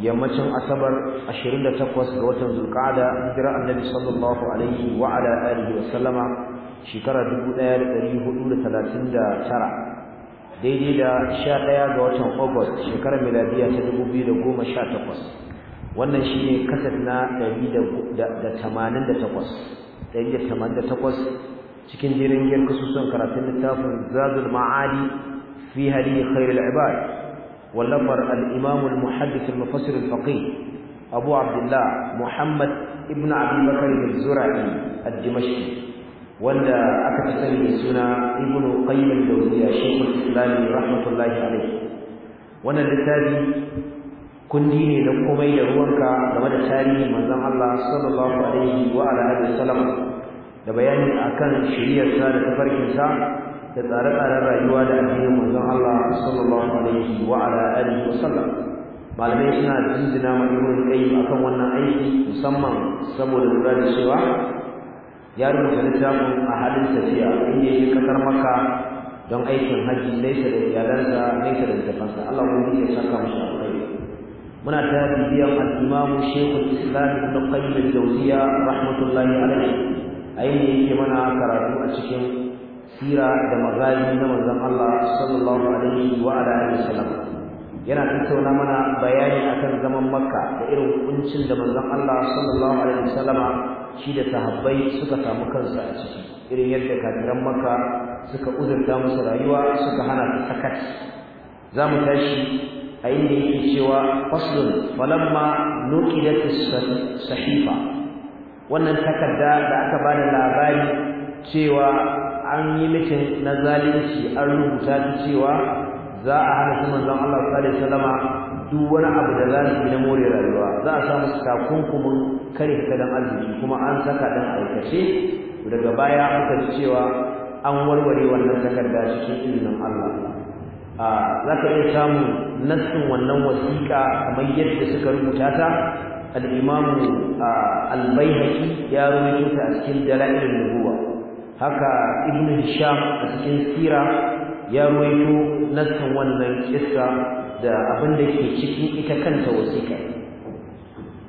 yammacin asabar 28 ga watan zulqa'ada hijira annabi sallallahu alaihi wa ala alihi wa sallama shekara 1439 daidai da 11 ga watan august shekarar miladiya ta 2018 wannan shine kasat na 188 188 cikin jerin jerin kasusun karatun littafin zadul ma'ali fi hadi khairul ibad واللفر الإمام المحدث المفسر الفقيه أبو عبد الله محمد ابن أبي بكر الزرعي الدمشقي ولا أكتسني سنة ابن قيم الجوزية شيخ الإسلام رحمة الله عليه وأنا لتالي kundi ne da komai da ruwanka game da tarihin manzon Allah sallallahu alaihi wa ala alihi wasallam da bayani akan shiriyar sa da tafarkin sa da tsare-tsaren rayuwa da addinin manzon Allah sallallahu alaihi wa ala alihi wa sallam malamai suna jinjina ma ibn qayyim akan wannan aiki musamman saboda lura da cewa ya rubuta littafin a halin tafiya inda yake kasar maka don aikin haji nesa da iyalansa nesa da jafansa Allah ubangiji ya saka musu alkhairi muna ta bibiyan al-imam shaykhul islam ibn qayyim al-jawziya rahmatullahi alayhi ayi ne yake mana karatu a cikin sira da magani na manzon Allah sallallahu alaihi wa ala alihi wasallam yana tattauna mana bayani akan zaman Makka da irin kuncin da manzon Allah sallallahu alaihi wasallama shi da sahabbai suka samu kansu a ciki irin yadda kafiran Makka suka uzurta musu rayuwa suka hana su sakat za mu tashi a inda yake cewa faslun falamma nuqidat sahifa wannan takarda da aka bada labari cewa an yi mutum na zalunci an rubuta ta cewa za a hana su manzon Allah sallallahu alaihi duk wani abu da za su yi na more rayuwa za a samu takunkumin kare tattalin arziki kuma an saka dan aikace daga baya aka ji cewa an warware wannan takarda cikin izinin Allah za ka iya samun nassin wannan wasiƙa kamar yadda suka rubuta ta al-imamu al-baihaqi ya rubuta ta a cikin dalailin nubuwa haka ibnu hisham a cikin sira ya ruwaito nassan wannan kissa da abin da ke cikin ita kanta wasiƙa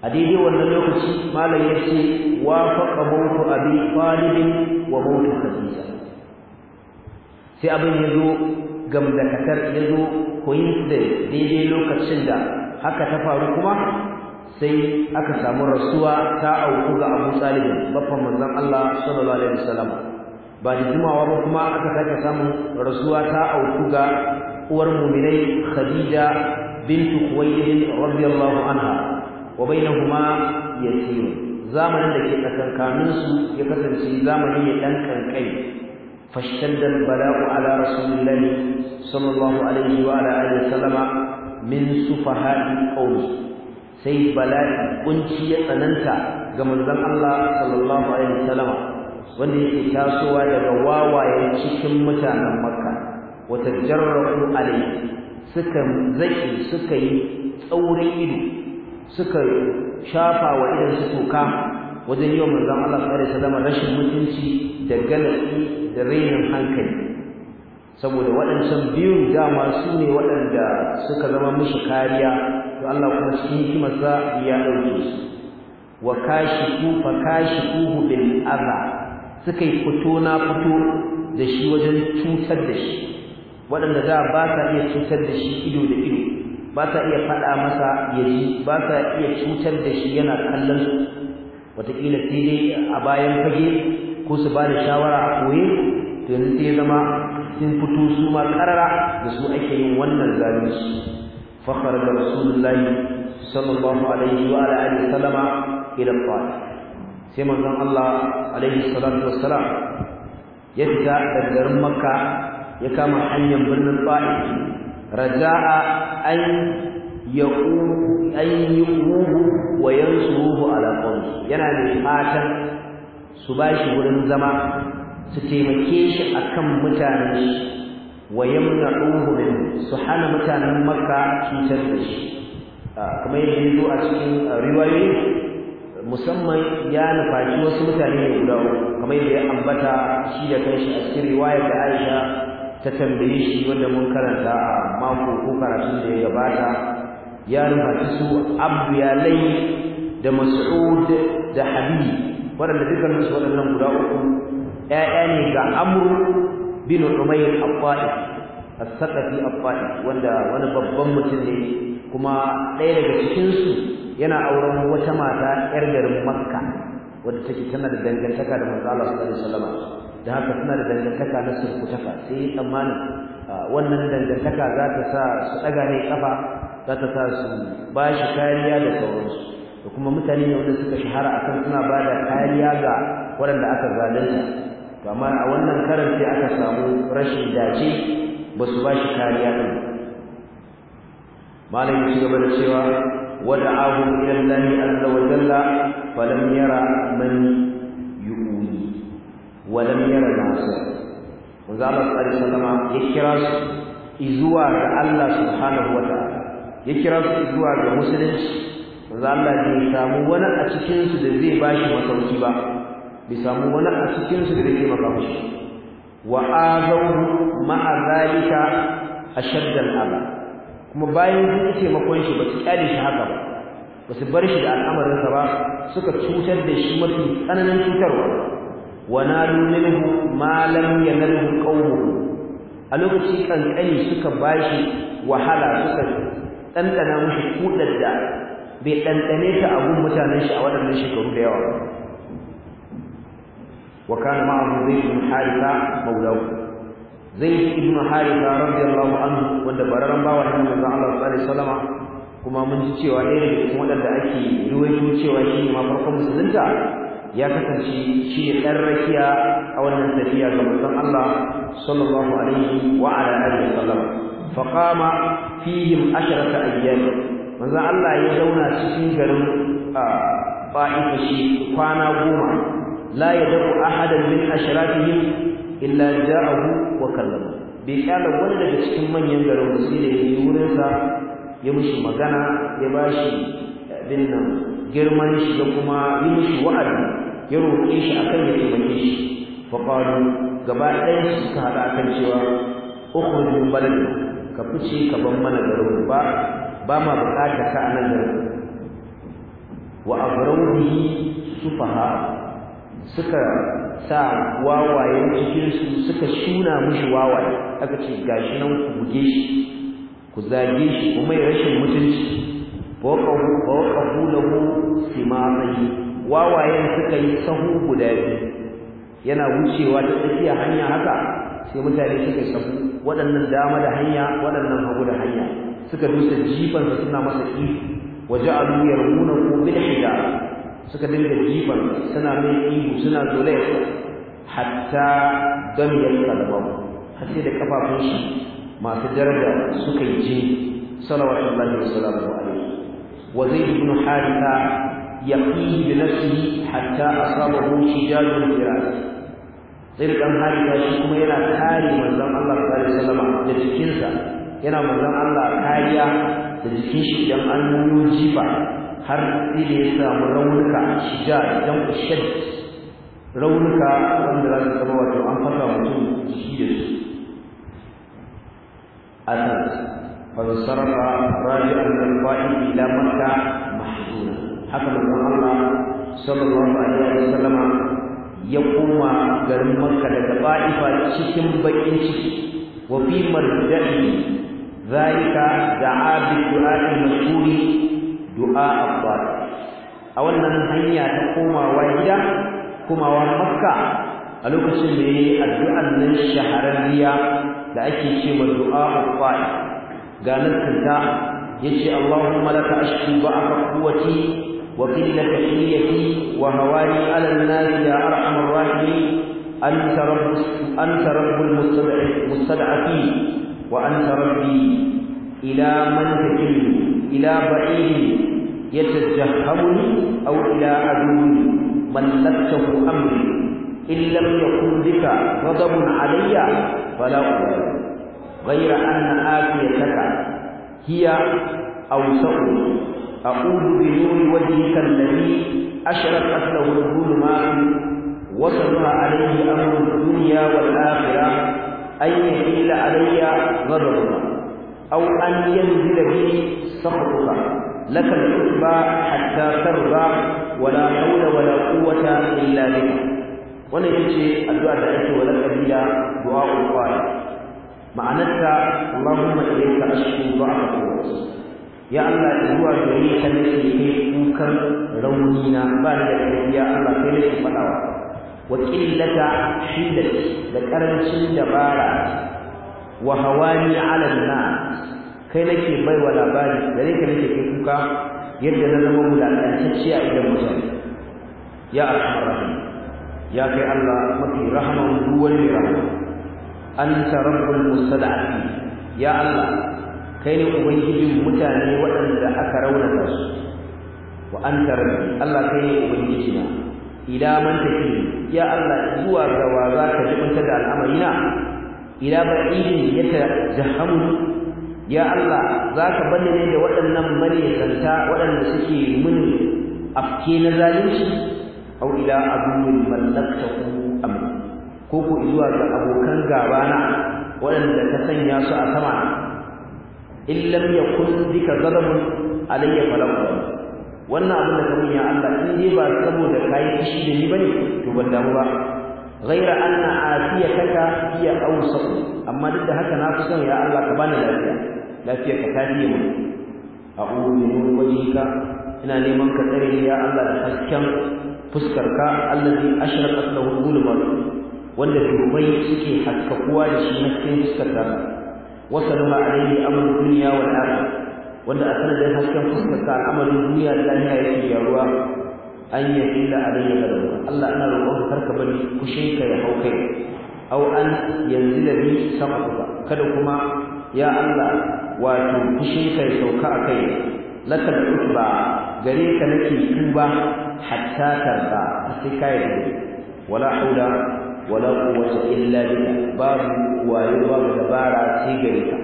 a daidai wannan lokaci malam ya ce wa faqa mawtu abi talib wa mawtu hadisa sai abin ya zo gamdakatar ya zo da daidai lokacin da haka ta faru kuma sai aka samu rasuwa ta auku ga Abu Talib babban manzon Allah sallallahu alaihi wasallam ba da jimawa ba kuma aka sake samun rasuwa ta auku ga uwar muminai khadija bintu kuwailin radiyallahu anha wa bainahuma yasir zamanin da ke tsakankanin su ya kasance zamani ne dan kankai fashaddal bala'u ala rasulillah sallallahu alaihi wa ala alihi Sallama min sufaha'i qaumi sai bala'i kunci ya tsananta ga manzon Allah sallallahu alaihi wa wasallama wanda yake tasowa daga wawaye cikin mutanen makka wata jarraku alai suka zaki suka yi tsaurin ido suka shafa wa idan su toka wajen yi wa manzon Allah sai da zama rashin mutunci da galaki da rainin hankali saboda waɗancan biyun dama su ne waɗanda suka zama musu kariya to Allah kuma cikin hikimarsa ya ɗauke su wa ku fa ku bil adha suka yi fito na fito da shi wajen cutar da shi waɗanda za ba sa iya cutar da shi ido da ido ba sa iya faɗa masa ya ji ba sa iya cutar da shi yana kallon su wataƙila sai dai a bayan fage ko su ba da shawara a koye to yanzu sai zama sun fito su ma ƙarara da su ake yin wannan zalunci fakhar da rasulullahi sallallahu alaihi wa sai manzon Allah alaihi salatu wassalam ya fita daga garin Makka ya kama hanyar birnin Ta'if raja'a an yaqu an yuhu wa yansuruhu ala qawmi yana da fatan su bashi wurin zama su taimake shi akan mutanen shi wa yamna'uhu min su hana mutanen Makka cutar da shi ah, kamar yadda ya a cikin ah, riwayoyi musamman ya nufaci wasu mutane ne guda uku kamar yadda ya ambata shi da kanshi a cikin riwaya da Aisha ta tambaye shi wanda mun karanta a mako ko karatun da ya gabata ya nufaci su Abdu Yalai da Mas'ud da Habib waɗanda dukkan su waɗannan guda uku ƴaƴa ne ga Amr bin Umayr al-Qa'id al-Saqafi al-Qa'id wanda wani babban mutum ne kuma ɗaya daga cikin su yana auren wata mata yar garin makka wadda take tana da dangantaka da manzo Allah sallallahu alaihi wasallam da haka suna da dangantaka na surkutaka sai tsammanin wannan dangantaka za ta sa su daga ne kafa za ta sa su ba shi kariya da sauransu da kuma mutane ne wanda suka shahara akan suna ba da kariya ga waɗanda aka zalunta to amma a wannan karan sai aka samu rashin dace ba su ba shi kariya ɗin malam ya gaba da cewa ودعاهم إلى الله عز وجل فلم يرى من يؤويه ولم يرى العصر وزعل الله عليه وسلم يكرس إزوى الله سبحانه وتعالى يكرس إزوى المسلم وزعل الله كي سامو ولا أتكين سدري باش وصوتي با بسامو ولا أتكين سدري مقامش وآذوه مع ذلك أشد الأذى kuma bayan sun yi taimakon shi ba su kyale shi haka ba ba su bar shi da al'amarinsa ba suka cutar da shi mafi tsananin cutarwa wa nalu minhu ma lam yanalhu qawmuhu a lokaci kankani suka bashi wahala suka ɗanɗana mushi kudar da bai ɗanɗane ta a mutanen shi a waɗannan shekaru da yawa wa kana ma'ahu zaid bin haritha maulahu zaid ibn haritha radiyallahu anhu wanda bararan bawa ne manzon Allah sallallahu alaihi wasallam kuma mun ji cewa ɗaya daga cikin waɗanda ake ruwaito cewa shi ne ma farkon musulunta ya kasance shi ne ɗan rakiya a wannan tafiya ga manzon Allah sallallahu alaihi wa ala alihi wasallam fa qama fihim asharata ayyam manzon Allah ya zauna cikin garin Ba'ifa shi kwana goma la yadu ahadan min asharatihim illa ja'ahu wa kallama bai kyala wani daga cikin manyan garin da sai da yayi wurin sa ya mishi magana ya bashi din nan girman shi da kuma yi mishi wa'azi ya roƙe shi akan ya taimake shi fa qalu gaba ɗaya suka haɗa akan cewa ukhruj min baladi ka fice ka bar mana garin ba ba ma bukata ka anan garin wa abrawu sufaha suka sa wawayen cikinsu suka shuna mushi wawaye aka ce gashi nan ku buge shi ku zage shi kuma ya rashin mutunci fawqahu lahu simamayi wawayen suka yi sahu guda biyu yana wucewa ta tsakiya hanya haka sai mutane suka sahu waɗannan dama da hanya waɗannan hagu da hanya suka dusa jifansa suna masa ihu waja'alu yarmunahu bil hijara suka dinga jifan suna mai ihu suna dole hatta don ya kalbabu har sai da kafafun shi masu daraja suka yi jini salawatullahi wa salamu alaihi wa zaid ibn haritha yaqihi bi nafsihi hatta asabahu shijalun firas zaid ibn haritha shi kuma yana kare manzon Allah sallallahu alaihi wasallam da jikinsa yana manzon Allah kariya da jikin shi idan an yi jifa har sai ya samu raunuka shija idan ku shaddi raunuka wanda za su zama wato an fasa mutum shi da su asan fansarfa raji'an nan in ila makka mahzuna haka manzon Allah sallallahu alaihi wa sallama ya koma garin makka daga ba'ifa cikin bakin ciki wa fi marja'i ذلك دعا بالدعاء المشهور du'a abbar a wannan hanya ta komawa gida komawa makka a lokacin da yayi addu'an nan shahararriya da ake cewa du'a abbar ga nan tunda yace Allahumma laka ashki ba'a quwwati wa qillati hiyati wa hawari 'ala an-nar ya arhamar rahimin anta rabbus anta rabbul mustada'i wa anta rabbi إلى منهج إلى بعيد يتجهمني أو إلى عدو ملكته أمري إن لم يكن بك غضب علي فلا اقول غير أن آتيتك هي سؤل أقول بنور وجهك الذي أشرقت له الظلمات وصل عليه أمر الدنيا والآخرة أن يحيل علي غضبك أو أن ينزل به سخطك لك الحكمى حتى ترضى ولا حول ولا قوة إلا بك wannan yace addu'a da ake wa lakabila du'a qali ma'anarta Allahumma ilayka a ba'da ya Allah zuwa gare ta nake ne kukan rauni na ba da ya Allah kai ne fadawa wa qillata hiddat da ƙarancin dabara wa hawani ala na? kai nake baiwa labari dare ka nake kai kuka yadda na zama mulalantacce a idan mutane ya arhamar rahim ya kai Allah mafi rahman duwan mai rahama anta rabbul mustada'in ya Allah kai ne ubangijin mutane waɗanda aka raunata su wa anta rabbi Allah kai ne ubangijina ila man take ya Allah zuwa ga wa za ka jibinta da al'amarina ila ba'idin yatajahamu ya Allah zaka bani ne da waɗannan mariyanta waɗanda suke mun afke na zalunci aw ila aduwwin mallaktahu am ko ko zuwa ga abokan gaba na waɗanda ka sanya su a sama in lam yakun dika zalamun alayya falahu wannan abin da kamun ya Allah in dai ba saboda kai kishi da ni bane to ban damu ba ghaira anna afiyataka hiya awsat amma duk da haka na fi son ya Allah ka bani lafiya lafiya ka tafi mu a'udhu min wajhika ina neman ka tsare ya Allah da hasken fuskarka allazi ashraqat lahu al-zulmat wanda dubai suke haskakuwa da shi hasken fuskar ta wasalama alayhi amru dunya wal akhirah wanda a sanadin hasken fuskar ta al'amarin duniya da lahira yake gyaruwa an yaqila alayya ghadabu Allah ina roƙon ka karka bari kushinka ya hau kai aw an ni bi saqatuka kada kuma ya Allah wato kushinka ya sauka a kai lakal ba gare ka nake tuba hatta tarda sai ka yi wala hawla wala quwwata illa billah babu wayo babu dabara sai gare ka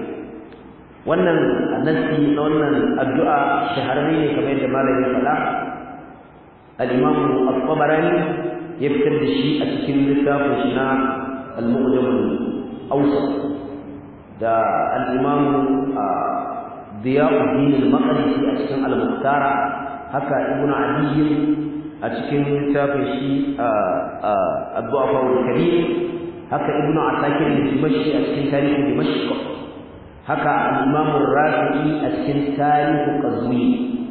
wannan nasi na wannan addu'a shahararre ne kamar yadda malamin faɗa al-imam al ya fitar da shi a cikin littafin shi na al-muqaddam al-awsat da al-imam diyauddin al-maqdisi a cikin al-muqtara haka ibn adiy a cikin littafin shi ad-du'afa al haka a cikin tarihi dimashq haka al a cikin tarihi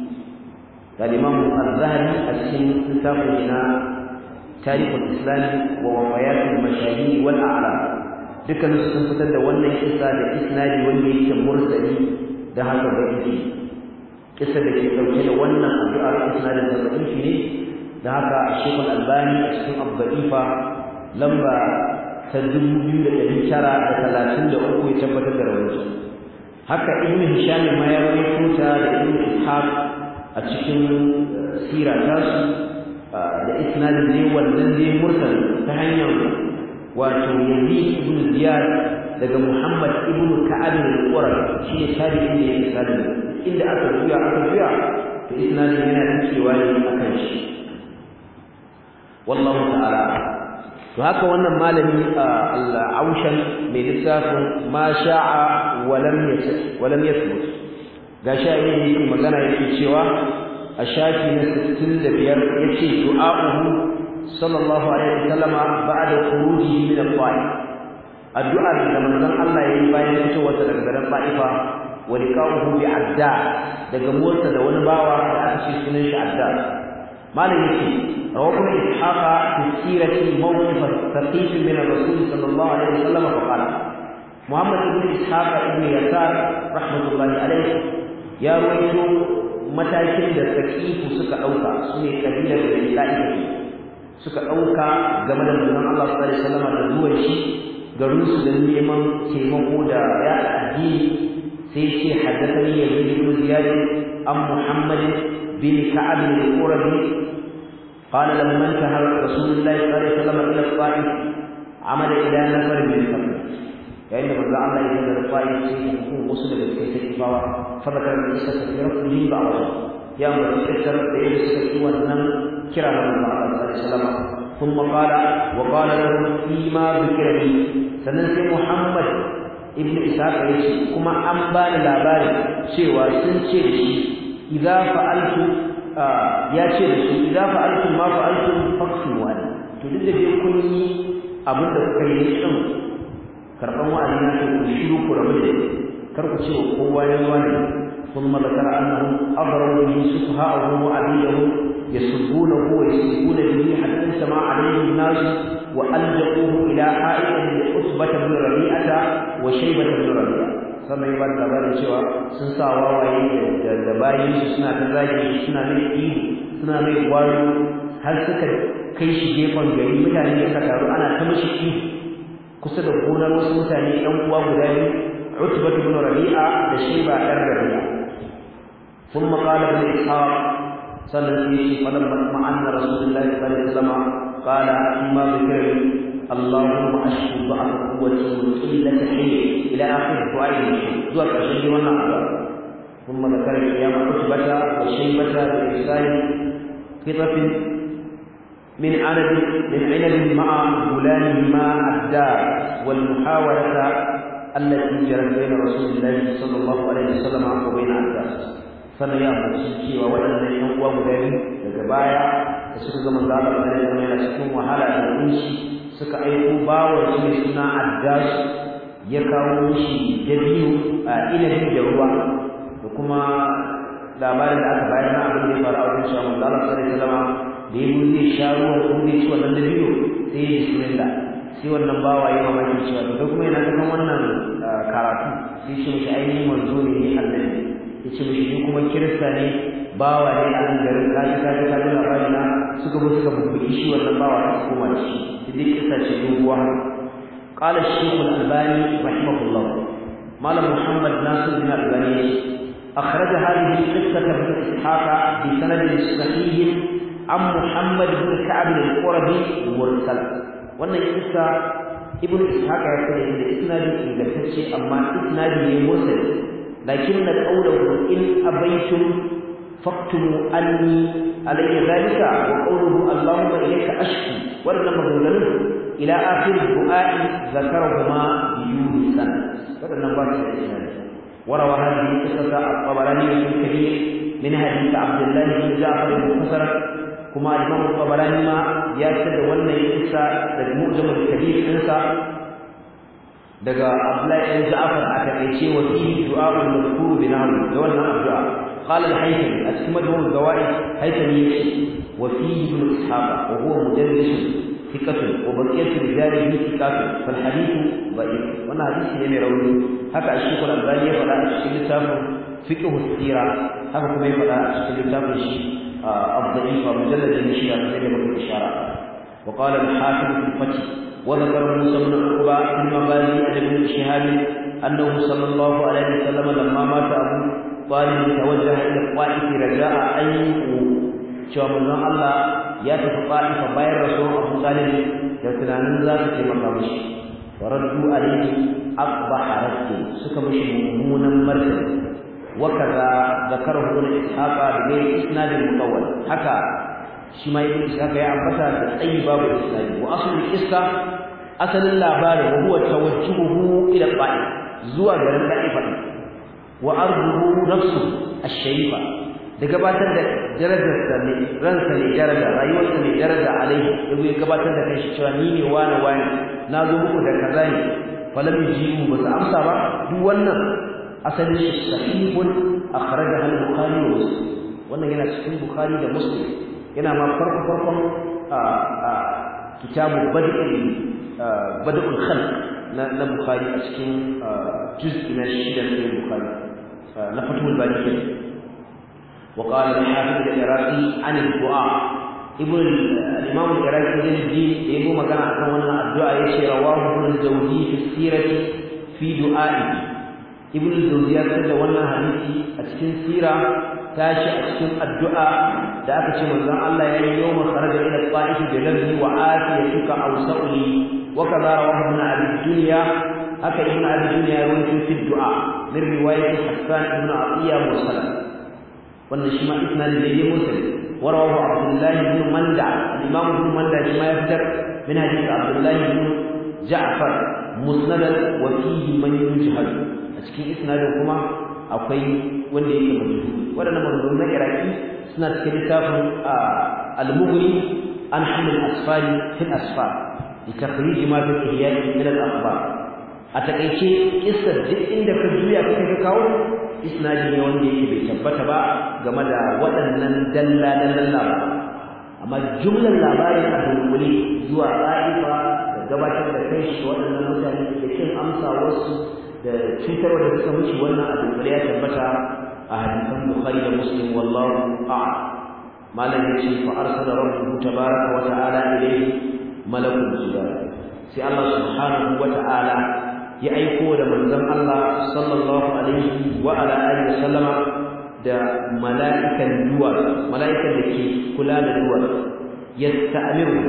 الإمام الذهبي السن تابعنا تاريخ الإسلام ووفيات المشاهير والأعلام دكا نسكن فتن دا وانا إسا دا إسنادي وانا يكي مرسلي دا هذا بإنجي إسا دا كي توجد وانا أدعى إسنادي دا بإنجي دا هذا الشيخ الألباني السن الضعيفة لما تدل بيو دا إنشارة دا ثلاثين دا أكو يتبت دا روانجي haka ibn hisham ma ya rawaito ta da ibn ishaq a cikin eh, sira tasu ah, da isnadin ne wannan ne ta hanyar wato yazid ibn ziyad daga muhammad ibn ka'ab al-qurashi shi ne tabi'in ne isnadin inda aka juya aka juya to isnadin yana cewa ne akan shi wallahu ta'ala to haka wannan malami ah, al-aushan mai lissafin ma sha'a walam yasbut gashi a yin yake magana yake cewa a shafi na 65 yace du'a'uhu sallallahu alaihi wasallama ba'da khuruji min al-qa'i addu'a da manzon Allah yayi bayan fitowarsa daga garin Ba'ifa wa liqa'uhu bi adda daga motsa da wani bawa da aka ce sunan shi adda malam yake rawahu ishaqa fi sirati mawqif al-thaqif min rasul sallallahu alaihi wasallama fa qala muhammad ibn ishaqa ibn yasar rahmatullahi alaihi ya waito matakin da sakifu suka dauka sune kabilar da Isra'ila suka dauka game da manzon Allah sallallahu alaihi wasallam da zuwan shi garin su da neman taimako da ya addini sai ce ya yi ibn ziyad am muhammad bin ka'ab bin qurabi قال لما انتهى رسول الله صلى الله عليه وسلم الى الطائف عمل الى نفر من yayin da manzo Allah ya da rufa'i sai ya ku daga فذكر النبي صلى الله عليه وسلم لي بعضها يا مرسل ليس سوى النم كرام الله عليه وسلم ثم قال وقال لهم فيما ذكر لي سننسي محمد ابن إسحاق يشي كما أنبان لاباري سوى سنشي لشي إذا فعلت ya ce da su idza fa'altum ma fa'altum faqsul wani to duk da dai kun yi abin da kuka yi din karban wa'azi na ku shiru ku rabu da kar ku ce wa kowa ya wani kun ma a annahum a bi sufaha'ihim wa abiyahum kowai wa yasbuna bihi hatta sama a an nasu, wa aljaquhu ila ha'iqin li utbata bin rabi'ata wa shaybata bin rabi'a Sannan yi bada labarin cewa sun sa wawaye da bayin su suna ta zagi suna mai ihu suna mai gwaro har suka kai shi gefen gari mutane suka taru ana ta mashi ihu kusa da gonar wasu mutane ɗan uwa guda biyu عتبة بن ربيعة بشيبة بن ثم قال ابن إسحاق صلى الله عليه وسلم أن رسول الله صلى الله عليه وسلم قال أما بكر اللهم أشهد ضعف قوتي وقلة حيلي إلى آخر دعائه دعاء الشيء والنعم ثم ذكر الأيام عتبة وشيبة بإحسان قطف من عدد من علل مع غلامهما الدار والمحاولة التي جرت بين رسول الله صلى الله عليه وسلم وبين عباس sannan ya fahimci cewa waɗannan ‘yan uwa guda biyu daga baya da suka zama zaɓa da zai zama yana cikin wahala da kunshi suka aiko bawar su mai suna addasu ya kawo shi da biyu a inabi da ruwa da kuma labarin da aka bayar na abin da ya faru a wurin shi a manzala sallallahu alaihi wasallam da ya zai sha ruwan kuma ya ci wannan da biyu sai ya yi sunan da shi wannan bawa ma mamaki cewa to duk kuma yana kuma wannan ah, karatu shi shi mishi ainihin manzo ne ne ne shi shi mishi shi kuma kirista ne bawa ne a nan garin kaji kaji kaji labari na suka bu suka bubbuki shi wannan bawa ta koma da shi duk kisa ce doguwa قال الشيخ الألباني رحمه الله مال محمد ناصر بن الألباني أخرج هذه القصة ابن إسحاق بسند صحيح عن محمد بن كعب القربي مرسل wannan kissa ibn ishaq ya kare da isnadin ingantacce amma isnadi ne mursal lakinna qawluhu in abaytum faktumu anni alayhi zalika wa qawluhu allahumma ilayka ashki wannan maganganun ila akhir du'a'i zakarahuma yunus wannan ba shi da isnadi وروى هذه القصة الطبراني في الكبير من حديث عبد الله بن جعفر kuma imam tabarani ma ya ce da wannan yinsa da mu'jam al-kabir insa daga abdullahi bin ja'far aka kai wa fi du'a al-mazkur bi nahr da wannan addu'a qala al-haythami as-samadhu al-dawai haythami wa fi ibn ishaq wa huwa mujaddid fikatu wa baqiyat rijali bi kitab al-hadith wa ibn wannan hadith ne mai rauni haka shi kuma al-dawai ya fada a cikin littafin fiqh al haka kuma ya fada a cikin littafin shi الضعيف مجلد النشير الذي بكم إشارة وقال الحاكم في الفتح وذكر موسى بن عقبة بن مباري عن ابن شهاب أنه صلى الله عليه وسلم لما مات أبو طالب توجه إلى الطائف رجاء أن يقوم cewa manzon Allah ya tafi Ta'ifa bayan rasuwar Abu Talib da tunanin za su taimaka mishi wa raddu alayhi aqba haratu suka mishi mummunan martani وكذا ذكره ابن اسحاق بغير اسناد مطول حكى شيما ابن اسحاق يا عبتا اي باب الاسناد واصل القصه اصل اللابار وهو توجهه الى الطائف زوا غير الطائفه وارضه نفسه الشريفه da gabatar da darajar da ne ransa ne daraja rayuwarsa ne daraja alaihi yabo ya gabatar da kanshi cewa ni ne wani wani na zo muku da kaza ne falam yujibu ba su amsa ba duk wannan asalin shi sahihun akhrajahu al-bukhari wa muslim wannan yana cikin bukhari da muslim yana ma farko farkon kitabu bad'ul bad'ul khalq na bukhari a cikin juz'i na shida na bukhari na fatul bari وقال الحافظ العراقي عن الدعاء ابن الامام العراقي زين الدين يقول مكان عن wannan addu'a yace rawahu ibn zawji fi sirati fi du'a'i ibn al ya da wannan hadisi a cikin sira tashi a cikin addu'a da aka ce manzon Allah ya yi yawma kharaja ila al-qa'id wa afiyatuka awsa'li wa kaza rawahu abi dunya haka ibn abi dunya ya rawaito fi du'a min riwayat hasan ibn atiya mursal wannan shi ma da yake mursal ورواه عبد الله بن مندع الإمام ابن مندع لما يفتر من حديث عبد الله بن جعفر مسندا وفيه من يجهل a cikin isnadin kuma akwai wanda yake majhuli wadannan maganganun na iraki suna cikin littafin al mughri an hamil asfari fil asfar takhrij ma fi ihya'i min al-akhbar a takaice kissar duk inda ka juya kake ka kawo isnadi ne wanda yake bai tabbata ba game da waɗannan dalla dalla ba. amma jumlar labarin a dunkule zuwa ra'ifa da gabatar da kai shi waɗannan mutane da kin amsa wasu da cutarwa da suka wuce wannan abin da ya tabbata a hadisan bukhari da muslim wallahu a'lam malam yace fa arsala rabbuhu tabaraka wa ta'ala ilayhi malakul jibril sai Allah subhanahu wa ta'ala ya aiko da manzon Allah sallallahu alaihi wa ala alihi wasallama da mala'ikan duwa mala'ikan da ke kula da duwa yasta'miru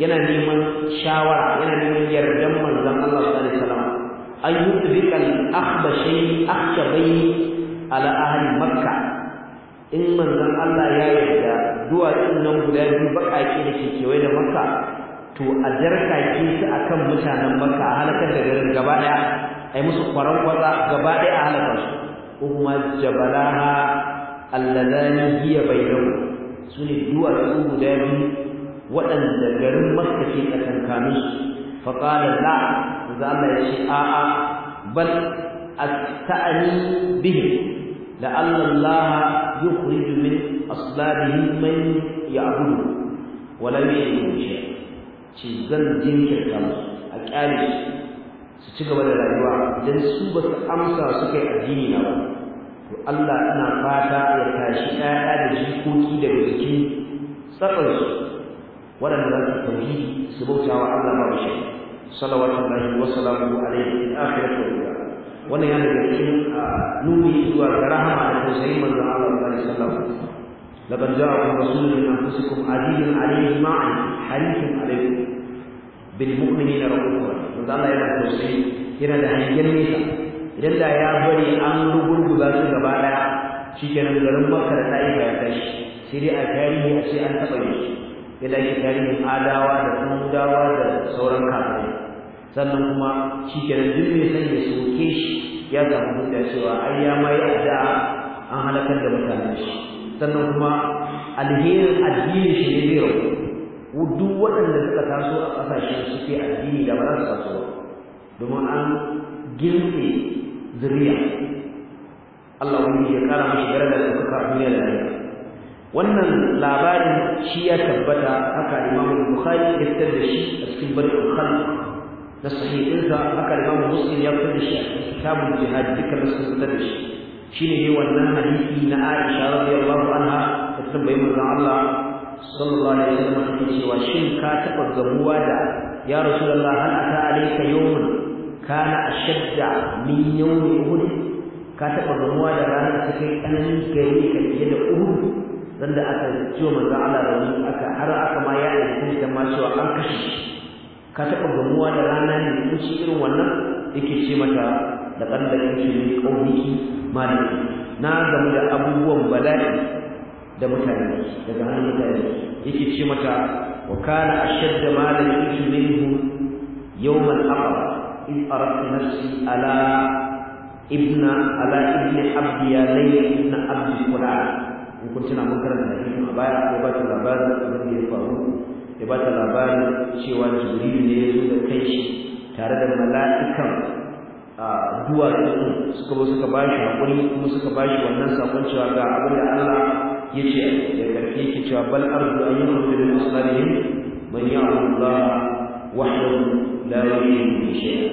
yana neman shawara yana neman yardan manzon Allah sallallahu alaihi wasallama an yutbika al-akhbashay akhshabai ala ahli makka in manzon Allah ya yarda duwatsun nan guda biyu bakaki da ke kewaye da makka to a ke su akan mutanen makka a halakar da garin gaba daya ai musu kwaran kwaza gaba daya a halakar su ko kuma jabalaha alladhani hiya bainahum sune duwatsu guda biyu waɗanda garin makka ke tsakankanin su faqala la manzo Allah ya ce a a bal bihi la Allah yukhrij min aslabihi man ya'budu wa la yushriku ci zan jinkirta musu a kyale su ci gaba da rayuwa idan su ba su amsa su kai addini na ba to Allah ina fata ya tashi ɗaya da jikoki daga jikin tsakansu waɗanda za su tauhidi su bauta wa Allah ba shi صلوات الله وسلامه عليه في آخر الدنيا ونيان آه، الدين نوبي هو كراها على الحسين من الله عليه وسلم لقد جاءكم رسول من انفسكم عزيز عليه ما حريف عليه بالمؤمنين ربهم وقال الله يلا الحسين كنا دعني جنيسا جلد يا بني ان نقول بذلك كبارا شيكنا لرمك رتائي بيتش سيري اكاري هي اشياء تقريش ya dace tarihin adawa da samudawa da sauran kafin, sannan kuma shi kenan duk mai son ya soke shi ya samu hujja cewa ai ya ma yi adda an halakar da mutane. shi sannan kuma alherin addini shi ne zai rabu duk waɗanda suka taso a ƙasashen suke addini da ba za su taso domin an girbe zuriya Allah wani ya kara mashi gargar da suka duniya da wannan labarin shi ya tabbata haka Imam Bukhari ya fitar da shi a cikin Baitul Khalq da sahihinsa haka Imam Muslim ya fitar da shi a cikin Kitabul Jihad duka sun fitar da shi shine ne wannan hadisi na Aisha radiyallahu anha da tambayi manzon Allah sallallahu alaihi wasallam ta cewa shin ka taba gamuwa da ya Rasulullah hal ata alayka yawmun kana ashadda min yawmi Uhud ka taba gamuwa da ranar da kai tsananin gari ka fiye da Uhud dan da aka ciwo manzo Allah da wani aka har aka ma ya yi kuma ma cewa an kashe ka taɓa gamuwa da rana ne ko shi irin wannan yake ce mata da kallakin shi ne kauniki malami na gamu da abubuwan bala'i da mutane daga hannun mutane yake ce mata wa kana ashadd malami ki minhu yawm al-aqaba in aradtu nafsi ala ibna ala ibni abdi ya layla ibna abdi qulaa in kun tuna mun karanta hadisin a baya ko ba ta labarin abin da ya faru ya ba ta labarin cewa jibrilu ne ya zo da kai shi tare da mala'ikan duwatsu suka zo suka ba shi hakuri kuma suka ba shi wannan sakon cewa ga abin da Allah ya ce ya ƙarfi yake cewa bal arzu ayyuhu yi muslimin da man ya'budullah wahdahu la yushriku bihi shay'a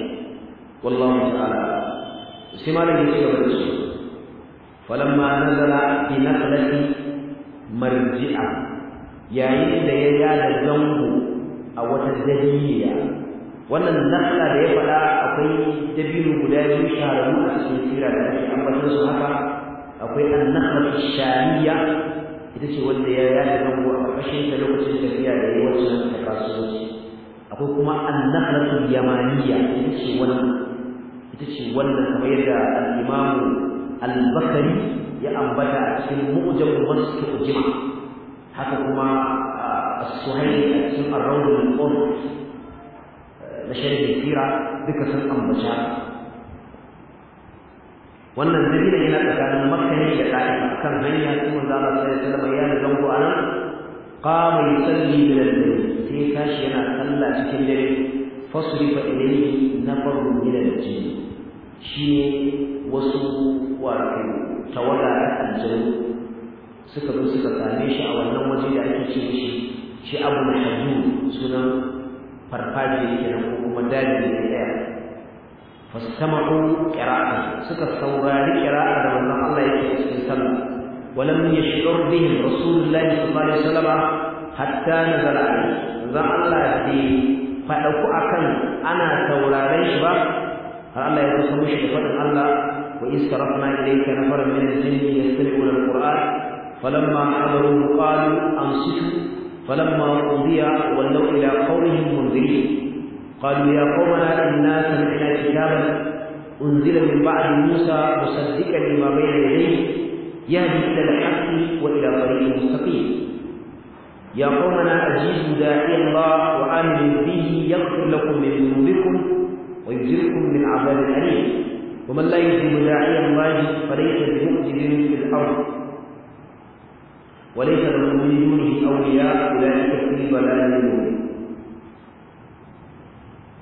wallahu ta'ala sai malam ya ce ba da shi falamma nazara fi nakhlati marji'a yayin da ya yada zango a wata daliliya wannan nakhla da ya faɗa akwai dabiru guda biyu shahararru a cikin sira da ake ambaton su haka akwai annakhlatu shamiya ita ce wanda ya yada zango a ƙarshen ta lokacin tafiya da ya wacce ta kasuwanci akwai kuma annakhlatu yamaniya ita ce wannan ita ce wannan kamar yadda al-imamu albakari ya ambata a cikin mu'jam suke ujima haka kuma ah, as suhai a cikin ar-rawd al-qurb da eh, duka sun ambata wannan dalilin yana tsakanin makka da ta'ifa kan hanya sai manzo Allah sallallahu alaihi wasallam ya zango anan qama yusalli min al-layl sai tashi yana sallah cikin dare fasrifa ilayhi nafarun min al-jinn shi wasu wato tawaga na aljanu suka zo suka same shi a wannan waje da ake ce shi shi abu na hajju sunan farfajiya kenan ko kuma daji ne ɗaya fastama'u qira'a suka saurari qira'a da wannan Allah yake cikin sallah ولم يشعر بهم رسول الله صلى الله عليه وسلم حتى نزل عليه zan Allah bai faɗa akan ana sauraren shi ba فأما يكون مشرك فضل الله وإذ صرفنا إليك نفرا من الجن يستمعون القرآن فلما حضروه قالوا أنصتوا فلما قضي ولوا إلى قومهم منذرين قالوا يا قومنا إنا سمعنا كتابا أنزل من بعد موسى مصدقا لما بين يديه يهدي إلى الحق وإلى طريق مستقيم يا قومنا أجيبوا داعي الله وآمنوا به يغفر لكم من ذنوبكم ويجركم من عذاب أليم ومن لا يجزي مداعي الله فليس بمعجز في الأرض وليس لهم من دونه أولياء أولئك في ضلال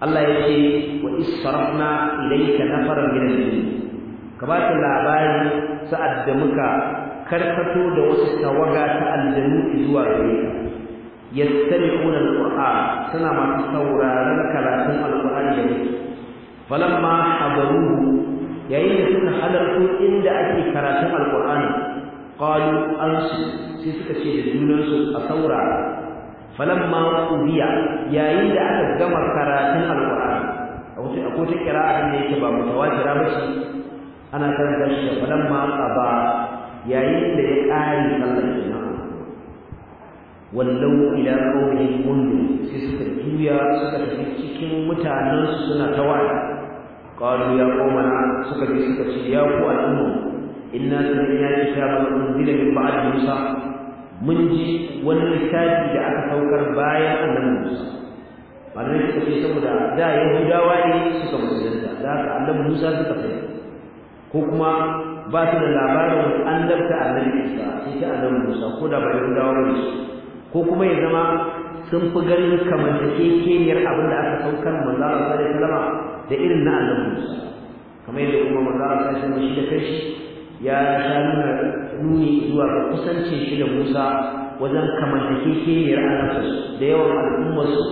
الله يجزي وإذ صرفنا إليك نفرا من الجن كبات الأعبال سأدمك كرفة دوسك وقعت الجنود زوار يسترقون القرآن suna masu sauraron karatun alƙur'ani da yake falamma hadaru yayin da suka halarta inda ake karatun alƙur'ani qalu ansu sai suka ce da su a saura falamma qudiya yayin da aka gama karatun alƙur'ani a wuce a kota qira'a da yake ba mutawatira ba shi ana karanta shi falamma qaba yayin da ya ƙare sallar wallau ila qawmin mundir sai suka juya suka tafi cikin mutanen suna ta tawaya qalu ya qawmana suka ji suka ce ya ku al'umma inna sami'na kitaban unzila min ba'di musa mun ji wani littafi da aka saukar bayan annabi musa wannan suka ce saboda da yahudawa ne suka musulunta da haka annabi musa suka fahimta ko kuma ba su da labarin an annabta annabi isa sai ta annabi musa ko da ba yahudawa ne ko kuma ya zama sun fi ganin kamantakekeniyar abin da aka saukar manzara sallallahu alaihi wasallam da irin na annabi Musa kamar yadda kuma manzara sallallahu alaihi wasallam shi da kanshi ya sha nuna nuni zuwa ga kusancin shi da Musa wajen kamantakekeniyar annabi da yawan al'ummarsu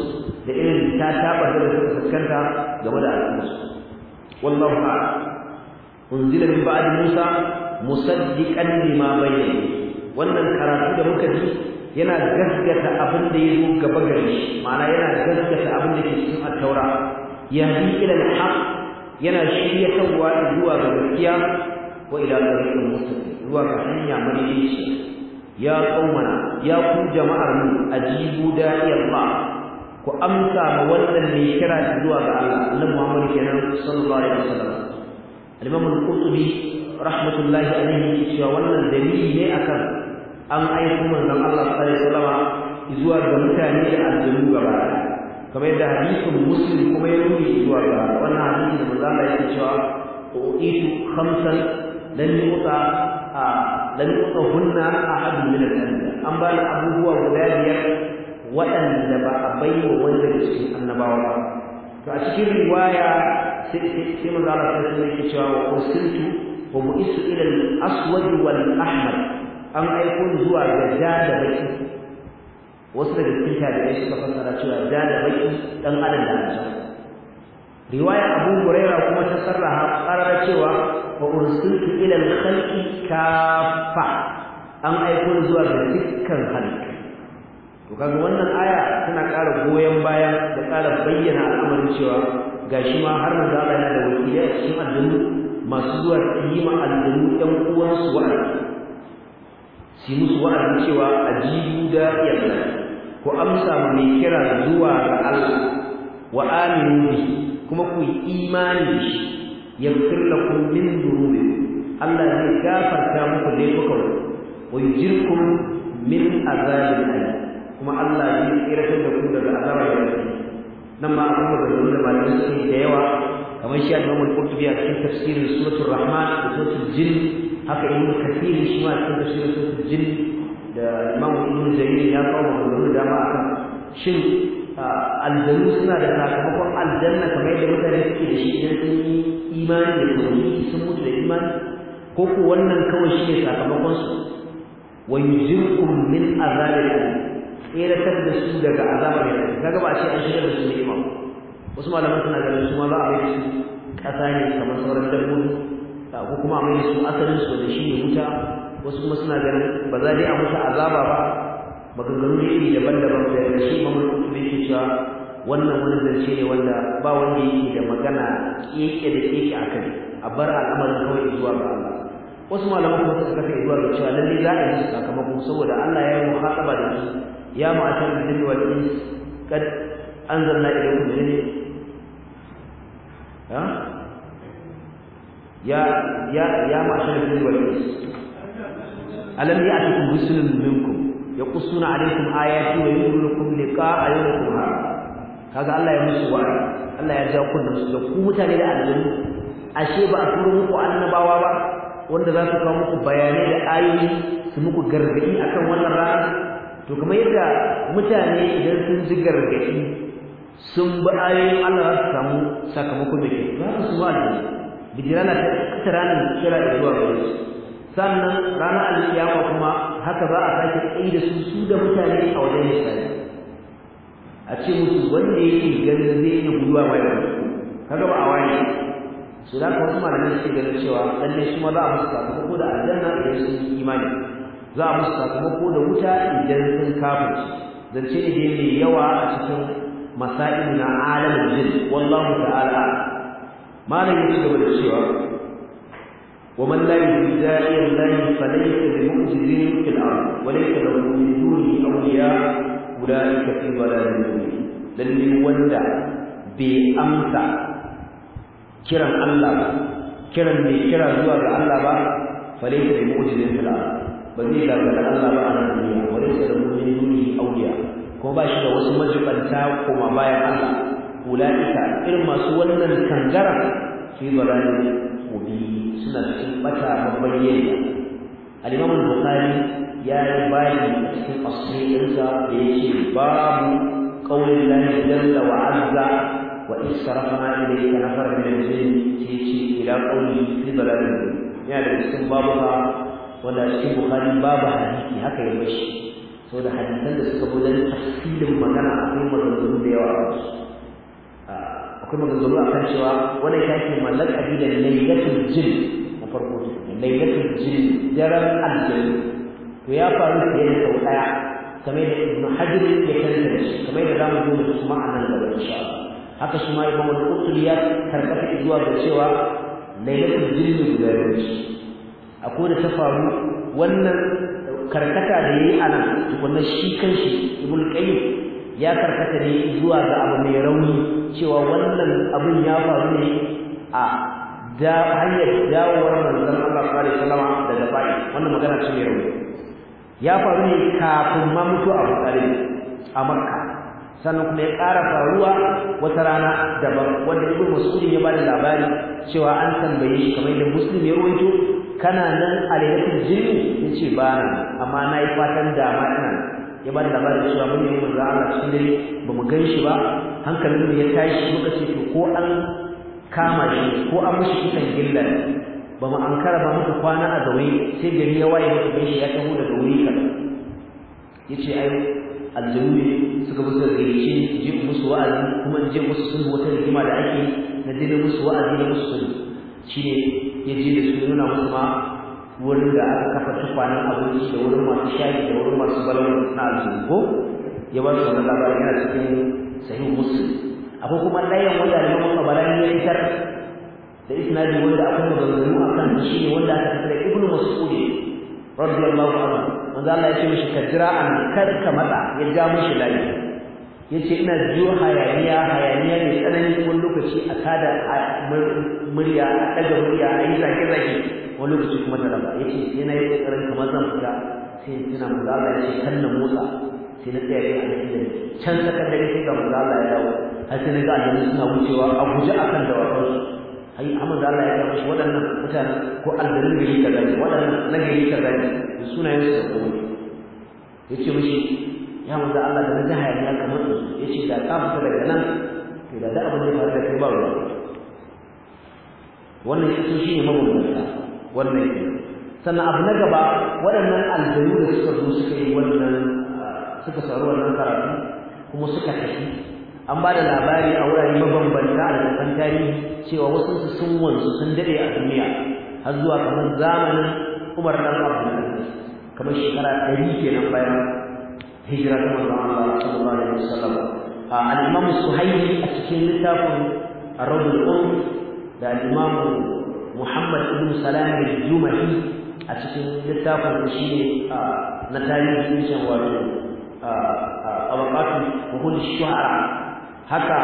da irin ta taba da suka fuskanta game da al'ummarsu wallahu a'lam unzila min ba'di Musa musaddiqan lima bayyana wannan karatu da muka ji yana gaskata abin da ya zo gaba gare shi ma'ana yana gaskata abin da ke cikin at-taura yahdi ila al-haq yana shiryatarwa zuwa ga gaskiya wa ila tariqil mustaqim zuwa ga hanya madaidaici ya qaumana ya ku jama'ar mu ajibu da'iyallah ku amsa ma wannan ne kira zuwa ga Allah annabi Muhammad kenan sallallahu alaihi wasallam al-imam al-qurtubi rahmatullahi alaihi cewa wannan dalili ne akan an aiko manzon Allah sallallahu alaihi wasallam zuwa ga mutane da aljanu gaba kamar yadda hadisin muslim kuma ya nuni zuwa ga wannan hadisi da manzon Allah yake cewa isu khamsan lan yuta lan yutahunna ahadun min al an ba ni abubuwa guda biyar waɗanda ba a wa wanda da cikin annabawa ba to a cikin riwaya sai sai manzon Allah sallallahu alaihi wasallam yake cewa wa ursiltu wa bu'istu ila al-aswad wal ahmar an aiko zuwa ga ja da baki wasu daga cikin tabi'ai suka fassara cewa ja da baki dan adam da aljanna riwaya Abu Hurairah kuma ta sarraha karara cewa wa ursiltu ila al-khalqi kaffa an aiko zuwa ga dukkan halittu to kaga wannan aya tana ƙara goyon baya da ƙara bayyana al'amarin cewa gashi ma har da Allah yana da wakilai a cikin masu zuwa yi ma addini yan uwansu wa'azi su musu wa'azi cewa ajibu da yalla ku amsa mai kira zuwa ga Allah wa aminu kuma ku imani da shi yaghfir lakum min dhunubikum Allah zai gafarta muku kuka wa yujirkum min azabil alim kuma Allah zai tsiratar da ku daga azabar da nan ma akwai da malamai suke da yawa kamar shi al-Imam al a cikin tafsirin suratul Rahman da suratul Jin. haka ibn kathir shi ma cikin tafsirin su jin da imam ibn jarir ya kawo maganganu da dama akan shin aljanu suna da sakamakon aljanna kamar yadda mutane suke da shi idan sun yi imani da tauhidi sun mutu da imani ko ku wannan kawai shi ne sakamakon su wa yujirkum min azabil tseratar da su daga azabar yanzu kaga ba a ce an shigar da su ne imam wasu malaman suna ganin su ma za a bai su ƙasa ne kamar sauran dabbobi ko kuma a mai su asalin su da shi ne wuta wasu kuma suna ganin ba za dai a musu azaba ba maganganu ne iri daban-daban da shi mamun kutubi ke cewa wannan wani zance ne wanda ba wanda yake da magana keke da keke a kai a bar al'amarin kawai zuwa ga Allah wasu malaman kuma suka kafa zuwa ga cewa lalle za a yi sakamakon saboda Allah ya yi muhasaba da su ya ta yi wal ins kad anzalna ilaykum jinni ha ya ya ya ma'ashara fil walis alam ya'tikum rusulun minkum yaqussuna alaykum ayati wa yuridukum liqa'a yawmikum hada kaga Allah ya musu wa'azi Allah ya ja kunnan su da ku mutane da aljannu ashe ba a turo muku annabawa ba wanda za su kawo muku bayanai da ayoyi su muku gargadi akan wannan rana to kamar yadda mutane idan sun ji gargadi sun bi ayoyin Allah za su samu sakamakon da ke ba su ba bijirana ta tsiranin kira zuwa ga wasu sannan ranar alkiyama kuma haka za a sake tsaye da su su da mutane a wajen misali a ce musu wanda yake ganin zai iya guduwa mai da kaga ba a waye su da kuma malamai suke ganin cewa lallai su ma za a musu sakamako da aljanna idan sun yi imani za a musu sakamako da wuta idan sun kafin zance ne da yawa a cikin masa'il na alamin jin wallahu ta'ala malam ya cigaba da cewa wa man la yuza'i Allah fa laysa bi mu'jizin fil ard wa laysa lahu min dunihi awliya ulaika fi dhalalin mubin lalle wanda bai amsa kiran Allah ba kiran mai kira zuwa ga Allah ba fa laysa bi mu'jizin fil ard ba zai gagara Allah ba a duniya wa laysa lahu min dunihi awliya kuma ba shi da wasu majibanta kuma bayan Allah ulaika irin masu wannan kangara fi dalalin mubin suna cikin bata babban yayi al-imam al-bukhari ya yi bayani cikin asirinsa da yake babu qaulin lahi jalla wa azza wa in sarafna ilayka nafar min al-jinn fi shi ila qawli fi dalalin ya da cikin babu wanda cikin bukhari babu hadisi haka ya bashi saboda hadisan da suka zo da tafsirin magana akwai maganganu da yawa a kuma da a kan cewa wani shafi mallaka bi da laylatul jin na farko laylatul jin daren aljin to ya faru fiye da sau daya kamar da ibnu hajar ya tantance kamar da zamu zo da su ma'anar da insha haka shi ma ibnu al-qurtubi ya karkata zuwa da cewa laylatul jin guda biyu akwai da ta faru wannan karkata da yayi anan tukunna shi kanshi ibnu qayyim ya karkata ne zuwa ga abu mai rauni cewa wannan abin ya faru ne a da hanyar dawowar manzon Allah sallallahu alaihi wasallam daga fa'i wannan magana ce mai rauni ya faru ne kafin ma mutu a Bukhari a Makka sannan kuma ya ƙara faruwa wata rana daban wanda Ibn Mas'ud ya bada labari cewa an tambaye shi kamar yadda Muslim ya rawaito kana nan a lailatul jinni yace ba nan amma nayi fatan dama ina ya ba da labarin cewa mun yi manzo Allah cikin dare ba mu gan shi ba hankalin mu ya tashi muka ce to ko an kama shi ko an mishi kisan gillan ba mu ankara ba muka kwana a zaune sai gari ya waye muka gan shi ya taho daga wuri kan ce ai aljanu ne suka musu gaice je musu wa'azi kuma je musu sun wata rigima da ake na dina musu wa'azi da musu shi ne ya je da su nuna musu ma wurin da aka kafa tukwanen abinci da wurin masu shayi da wurin masu balon na aljihu ya ba su wannan labarin yana cikin sahih muslim akwai kuma ɗayan wanda da mamu kabarani ya fitar da isnadi wanda akwai maganganu a kan shi ne wanda aka fitar ibnu mas'udi radiyallahu anhu manzo Allah ya ce mishi ka jira kar ka matsa ya ja mishi lafiya yace ina jiyo hayaniya hayaniya ne tsananin wani lokaci a kada murya a ɗaga murya a yi zage zage wani lokaci kuma da raba yace sai na yi kokarin kamar zan fita sai tuna manzo Allah yace kan na motsa sai na tsaya ne a nan da can saka dare sai ga manzo Allah ya dawo har sai na ga annabi suna wucewa a guje akan dawakan su ai amma da Allah ya ga shi waɗannan mutane ko albarin gari kaza ne waɗannan na gari kaza ne sunayen su da kuma yace mishi ya manzo Allah da hayar hayaniya kamar su yace da ka fita daga nan to da da abin da faru da kai ba wa wannan shi shi ne mabudinta wannan shi, sannan abu na gaba waɗannan aljanu da suka zo suka yi wannan ah, suka sauri wannan karatu kuma suka tafi an ba da labari a wurare mabambanta a littattafan tarihi cewa wasu su sun wanzu sun daɗe a duniya har zuwa kamar zamanin umar dan abdulaziz kamar shekara ɗari kenan bayan hijira ta manzon Allah sallallahu alaihi wasallam ah, al-Imam Suhayli a cikin littafin Rabbul Umm da al-Imam Muhammad ibn Salam al-Jumahi a cikin littafin shi ne ah, na tarihi cikin wato ah, awqatu wuhud shuhara haka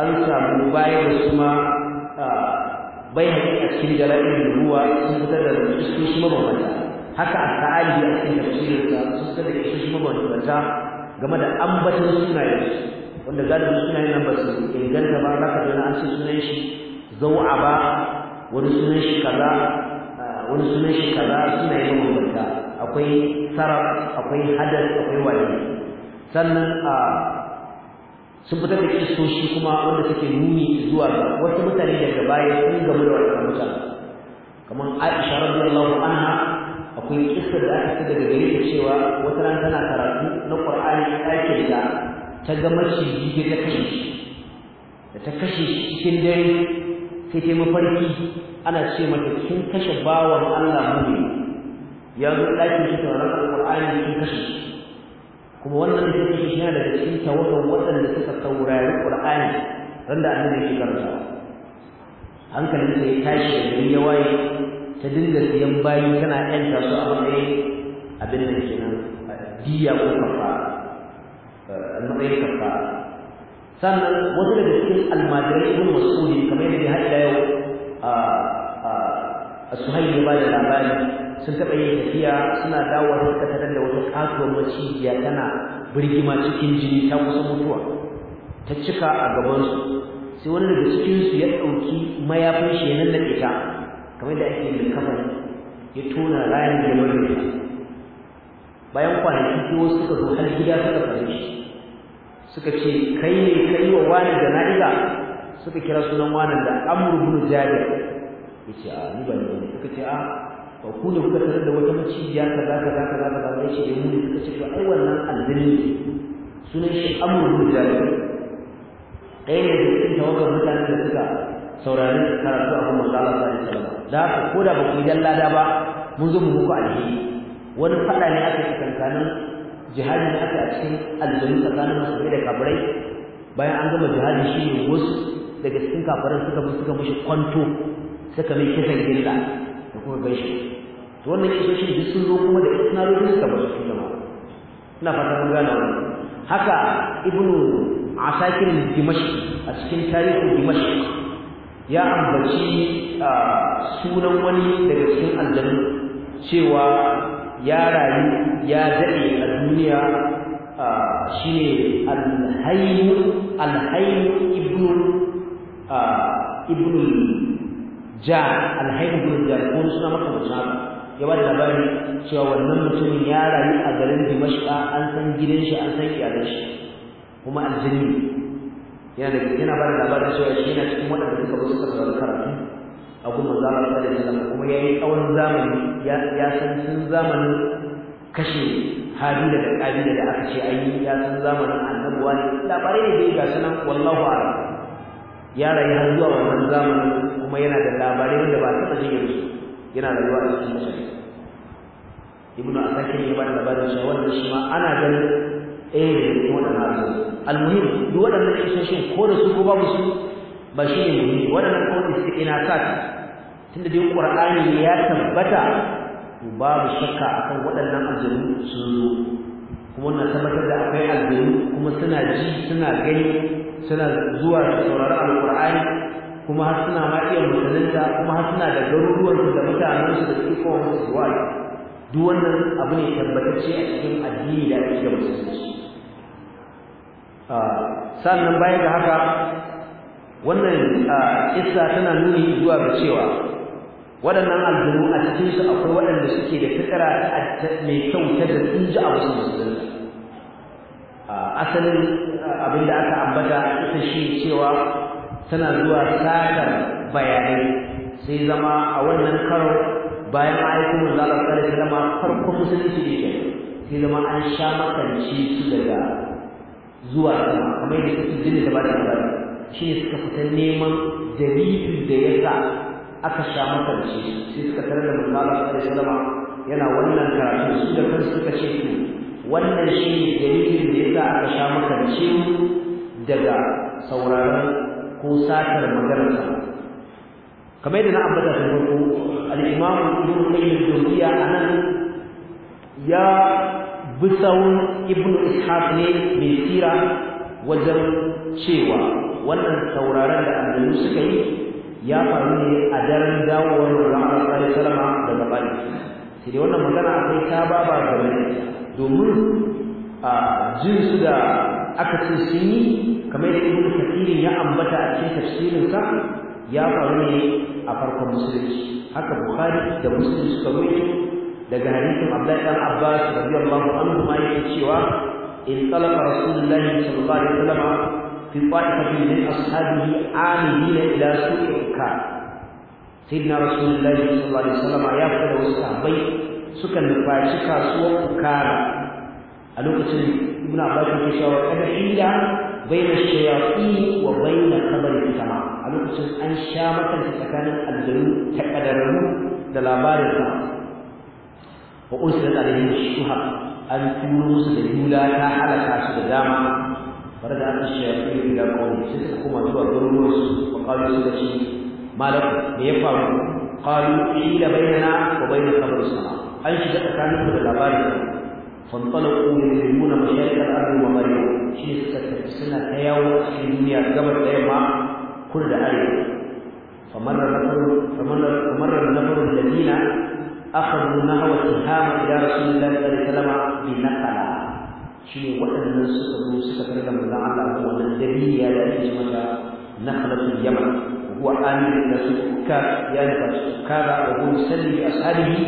an samu bayan da kuma bai a cikin jala'in ruwa sun fitar da su shi mabambanta haka a saali a cikin sa, sun da shi shi mabanta game da ambaton sunayen wanda galibin sunayen nan ba su inganta ba zaka ga an ce sunan shi ba wani sunan shi kaza ah, wani sunan shi kaza sunayen mabanta akwai sarab akwai hadar akwai wani sannan a ah, sun fitar da kistoshi kuma wanda suke nuni zuwa wasu mutane daga baya sun gamu da wannan mutane kamar Aisha radiyallahu anha akwai iskar da aka daga gare da cewa wata ran tana karatu na ƙwar'ani a ɗakin da ta ga maciji ta kashe shi da ta kashe shi cikin dare sai ta mafarki ana ce mata kin kashe bawan Allah mu ya zo ɗakin shi tauraron ƙwar'ani kin kashe shi kuma wannan da take shi yana daga cikin tawakan waɗanda suka saurari ƙwar'ani ran da annabi ya karanta hankalin sai ya tashi da gari ya waye ta dinga siyan bayi tana yanta su a da abin da ke nan diya ko kafa a matsayin kafa sannan wasu daga cikin almajirai ibn mas'udi kamar yadda ya haɗa yau a suhail ba da labari sun taɓa yin tafiya suna dawowa da suka da wata kasuwar macijiya tana birgima cikin jini ta kusa mutuwa ta cika a gabansu sai wani daga cikinsu ya ɗauki mayafin shi ya nannaɗe ta kamar da ake da kamar ya tona rayan da ya bayan kwanaki ko suka zo har gida suka fara shi suka ce kai ne kai wa wani jana'iza suka kira sunan wanan da amr ibn jabir ce a ni ba ne suka ce a ba ku da kuka tarar da wata za ka za ka za? ba yace mu ne suka ce to ai wannan aljini sunan shi amr ibn jabir Kai ne da cikin tawagar mutanen da suka Saurari da karatu a kuma Allah sallallahu alaihi salama. da haka ko da ba ku yi lada ba mun zo mu muku alheri wani fada ne aka yi tsakanin jihadi ne aka a cikin aljannu tsakanin musulmai da kafirai bayan an gama jihadi shi ne wasu daga cikin kafirai suka bi suka mishi kwanto suka mai kisan gilla da kuma gaishe to wannan yake shi duk sun zo kuma da zo suka ba su jama'a ina fata mun gane wannan haka ibnu asakir dimashq a cikin tarihin dimashq ya ambaci sunan wani daga cikin aljanu cewa ya rayu ya daɗe a duniya shi ne alhainu ibnul ja alhainu ibnul ja ko suna maka mutum ya ba da labari cewa wannan mutumin ya rayu a garin dimashka an san gidan shi an san iyalan shi kuma aljini yana yana ba da labarin cewa shi yana cikin waɗanda suka zo suka saurari karatu a kuma zamanin sallallahu alaihi wasallam kuma ya yi tsawon zamani ya ya san sun zamanin kashe habila da kabila da aka ce yi ya san zamanin annabuwa ne labarai ne da ga sunan wallahu a'lam ya rayu har zuwa wannan zamani, kuma yana da labarai da ba taɓa jin yanzu yana rayuwa a cikin musulmi ibnu asakir ya ba da labarin cewa wannan shi ma ana ganin ɗaya da yake waɗannan abubuwa almuhim duk waɗannan isoshin ko da su ko babu su ba shi ne muhimmi waɗannan kawai su ina sa tunda dai qur'ani ya tabbata babu shakka akan waɗannan aljanu sun zo kuma na tabbatar da akwai aljanu kuma suna ji suna gani suna zuwa da sauraron alqur'ani kuma har suna ma iya musulunta kuma har suna da garuruwansu da mutanensu da suke kowa musu wa'azi duk wannan abu ne tabbatacce a cikin addini da ake da musulunci ah, sannan bayan da haka wannan ah, kissa tana nuni zuwa ga cewa waɗannan aljanu a cikin su akwai waɗanda suke da fikira mai kyau ta da sun ji wasu su musulunci asalin ah, abin da aka ambata ita shi cewa tana zuwa sakar bayanai sai zama a wannan karo bayan ma'aikin manzo Allah sallallahu alaihi wasallam farko musulunci ne ke sai zama an sha makance su daga zuwa sama kamar yadda kake jini da ba da labari shi ne suka fita neman dalilin da ya sa aka sha makance sai suka tare da manzo Allah sallallahu alaihi yana wannan karatu su da kansu suka ce to wannan shi ne dalilin da ya sa aka sha makance daga sauraron ko satar magana kamar yadda na ambata da farko al-imam ibn qayyim anan ya bi sawun ibn ishaq ne mai tsira wajen cewa wannan sauraron da annabi suka yi ya faru ne a daren dawowar Muhammad sallallahu alaihi daga Bani sai dai wannan magana akwai ta baba game domin a jin su da aka ce sun yi kamar da ibn kathir ya ambata a cikin tafsirin ya faru ne a farkon musulunci haka bukari da Musulunci suka wuce. daga hadisin abdullahi dan abbas radiyallahu anhu ma yake cewa in talaqa rasulullahi sallallahu alaihi wasallam fi ta'ifatin min ashabihi amilina ila suqika sayyidina rasulullahi sallallahu alaihi wasallam ya fada wasu sahabbai suka nufaci kasuwar ukara a lokacin ibnu abbas ya ce wa kada hila bayna shayatin wa bayna khabari sama a lokacin an sha makanta tsakanin aljanu ta kadararru da labarin wa usirat alaihim shuha. an turo musu da yula ta halaka su da dama farda an shayatin ila qawmi sai suka koma zuwa garuruwan su wa qalu suka ce malam me ya faru qalu ila bayyana, wa bain qabr sama an shiga tsakanin da labarin فانطلقوا يلمون مشارق الارض ومريم شيء سنه تياو duniya الدنيا ɗaya تيما كل عين فمر نفر فمر فمر النفر الذين أخذوا النهر والسهام إلى رسول الله صلى الله عليه وسلم بنقلا شيء وأن سكبوا سكبوا من الله هو الذي يأتي مدى نخلة اليمن وهو آمن إلى سكر يعني سكاك وهو يسلي بأسهاله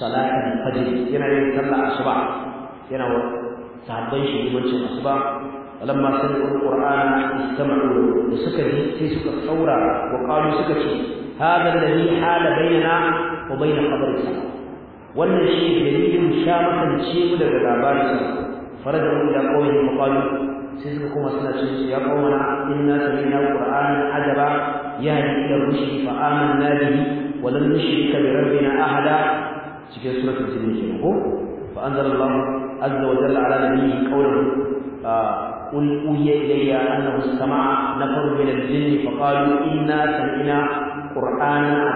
صلاة الفجر ينعي صلى أصبع ينعي sahabban shi limancin asuba لما سمعوا القران استمعوا وسكتوا في سكه الثوره وقالوا سكتوا هذا الذي حال بيننا وبين قبر السلام والنشيء دليل مشابه الشيء ولد الاباري فرجعوا الى قومهم وقالوا سيدكم اسنا يا قومنا انا سمعنا القران عجبا يهدي الى الرشد فامنا به ولن نشرك بربنا احدا في سوره الجن فانزل الله عز وجل على نبيه قوله آه، قل أوحي إلي أنه استمع نفر من الجن فقالوا إنا سمعنا قرآنا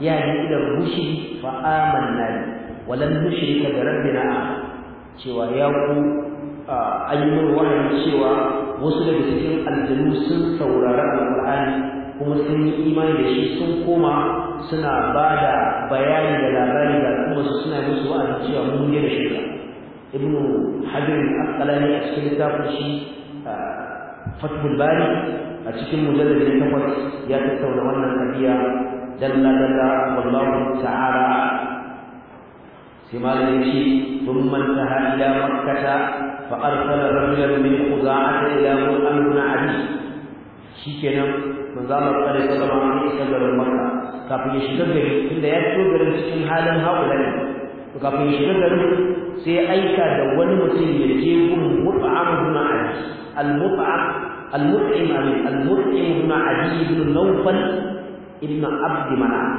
يعني إلى الرشد فآمنا ولن نشرك بربنا cewa ya ku an yi wahayi cewa wasu daga cikin aljanu sun saurari alƙur'ani kuma sun yi imani da shi sun koma suna ba da bayani da labari da kuma suna musu wa'azi cewa mun yi da ibnu hajar al a cikin littafin shi fathul bari a cikin mujallad na takwas ya tattauna wannan qadiya dalla dalla wallahu ta'ala sai malamin shi thumma intaha ila makkah fa arsala rajulan min khuza'ah ila mu'an bin ali shikenan manzo Allah sallallahu alaihi wasallam ya shiga garin makka kafin ya shiga garin ya shigo garin cikin halin haula to kafin ya shiga garin sai aika da wani mutum ya je gun mut'am ibn ali al-mut'am al-mut'im amin al-mut'im ibn ali ibn nawfal ibn abd manaf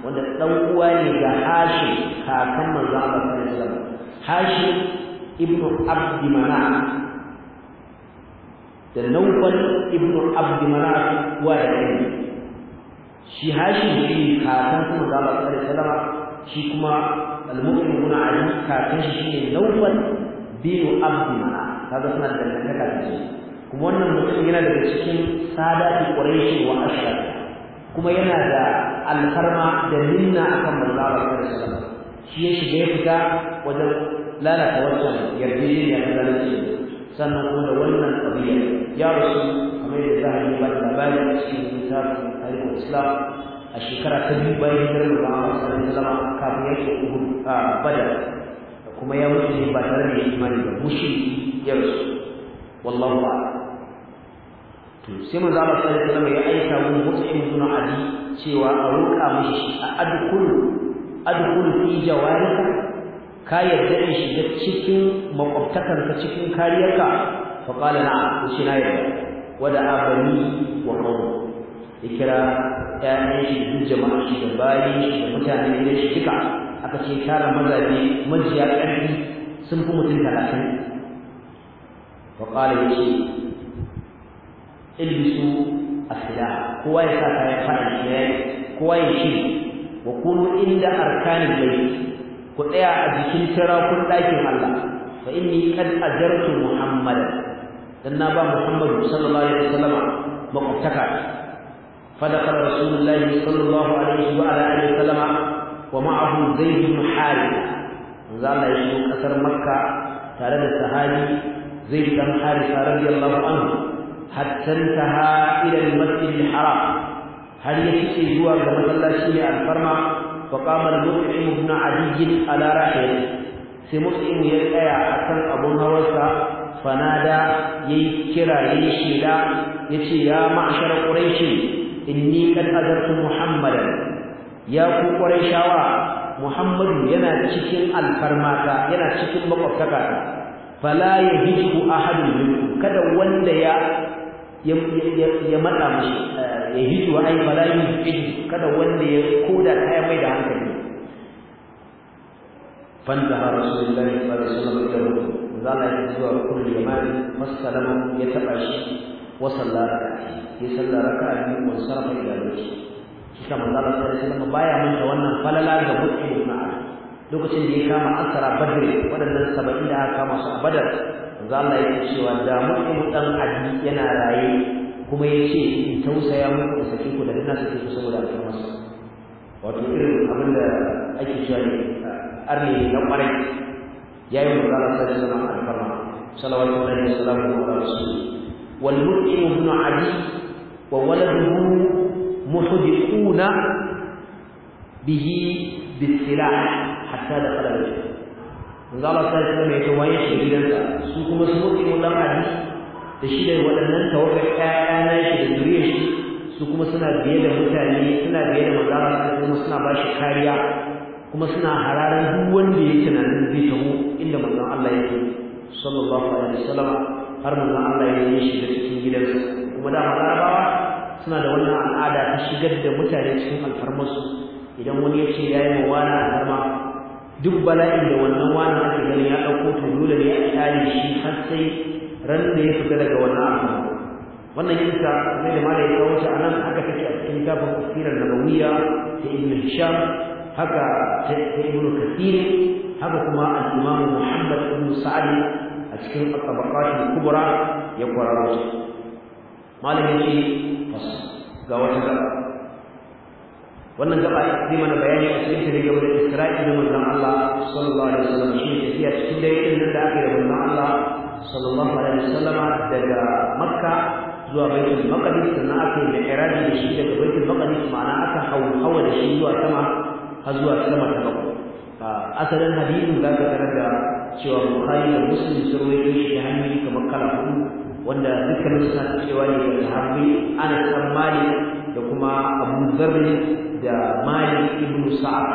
wanda dan uwa ne ga hashim kakan manzo Allah sallallahu alaihi wasallam hashim ibn abd manaf da nawfal ibn abd manaf wa ya shi hashim shi kakan manzo Allah sallallahu alaihi wasallam shi kuma al-mu'min huna ali kakan shi ne lawfal biyu abdi mana kaga suna da dangantaka da shi kuma wannan mutum yana daga cikin sadati quraishi wa ashraf kuma yana da alfarma da minna akan manzo Allah sallallahu alaihi shi ya shiga ya fita wajen lalata wannan yarjejeniya da zalunci sannan kuma da wannan qadiya ya rasu kamar da zahiri ba da labari cikin kitabun tarihi islam a shekara ta biyu bayan hijirar da Muhammad sallallahu alaihi wasallam kafin yake Uhud a Badar kuma ya mutu ne ba tare da imani da mushi ya rasu wallahu a'lam to sai mu zama sallallahu alaihi wasallam ya aika mu mutum suna Ali cewa a roƙa mishi a adkul adkul fi jawarika ka yarda in shiga cikin makwabtakarka cikin kariyarka fa qala na'am ko shi na yarda wada abani wa qawmi ikra ƴaƴan shi duk jama'a shi da bayi shi da mutane ne shi duka aka ce tara mazaje majiya ƙarfi sun fi mutum talatin wa qala yace ilbisu asila kowa ya sa kayan fara shi ne kowa ya shi wa kunu inda arkanin bai ku tsaya a jikin sarakun ɗakin Allah fa inni qad ajartu muhammadan dan na ba muhammadu sallallahu alaihi wasallam makwabtaka فدخل رسول الله صلى الله عليه وعلى اله وسلم ومعه زيد بن حارثه زال يشوف اثر مكه tare da sahabi zai dan harisa radiyallahu anhu hatta taha ila al-masjid al-haram har ya fice zuwa ga masallaci ne alfarma fa qama al-mu'min ibn adiy ala rahil sai mu'min ya tsaya akan abun hawarsa fanada yayi kira yayi yace ya ma'shar quraishi inni kad azartu muhammadan ya ku shawa? muhammadu yana cikin alfarmata yana cikin makwabtaka fala yahidu ahadun minkum kada wanda ya ya ya mata mushi eh, hidu ai fala yahidu kada wanda ya koda kai mai da hankali فانتهى رسول الله صلى الله عليه zuwa kulli yamani fasalama ya taba shi wa sallallahu ya sallar salla raka'a biyu wa sarfa ila rusu kika manzo Allah sallallahu alaihi wasallam baya manta wannan falala ga mutum na lokacin da ya kama asara badr wadannan saba'in da aka kama su a badar manzo Allah yake cewa da mu ɗan adi yana raye kuma ya ce in tausaya muku da sake ku da na sake ku saboda alfarmasa wato irin abin da ake cewa arni na kwarai yayin manzo Allah sallallahu alaihi wasallam alfarma sallallahu alaihi wasallam wal mu'min ibn adi wa waladuhu muhdiquna bihi bisilah hatta da qalbi manzo Allah sai ya mai to waye shi gidansa su kuma su mutu mun dan adi da shi da waɗannan tawakkal na shi da zuriyar shi su kuma suna biye da mutane suna biye da manzo Allah kuma suna ba shi kariya kuma suna hararan duk wanda ya tunanin zai taho inda manzon Allah yake sallallahu alaihi wasallam har manzon Allah ya yi shi da cikin gidansa kuma da suna da wannan al'ada ta shigar da mutane cikin alfarmarsu idan wani ya ce ya yi mawana alfarma duk bala'in da wannan wani ake ganin ya ɗauko to dole ne a kyale shi har sai ran da ya fita daga wannan alfarma wannan yinsa mai da malai ya kawo a nan haka take a cikin tafin asirar nabawiyya ta ibn hisham haka ta ibn kathir haka kuma al-imam muhammad ibn sa'ad a cikin at-tabaqat al-kubra ya kwararo malam ya ce ga wata gaba wannan gaba zai mana bayani a cikin tare game da isra'i da manzon Allah sallallahu alaihi wasallam shi tafiya cikin dare din da aka yi manzon Allah sallallahu alaihi wasallam daga makka zuwa baitul maqdis sannan aka yi mi'raji da shi daga baitul maqdis ma'ana aka hawa da shi zuwa sama har zuwa sama ta bakwai asalin hadisin ka tarar da cewa bukhari da muslim sun rawaito shi da hanyoyi kamar kala hudu wanda dukkanin suna cewa ne da harbi ana san mali da kuma abu zarri da mali ibnu sa'ad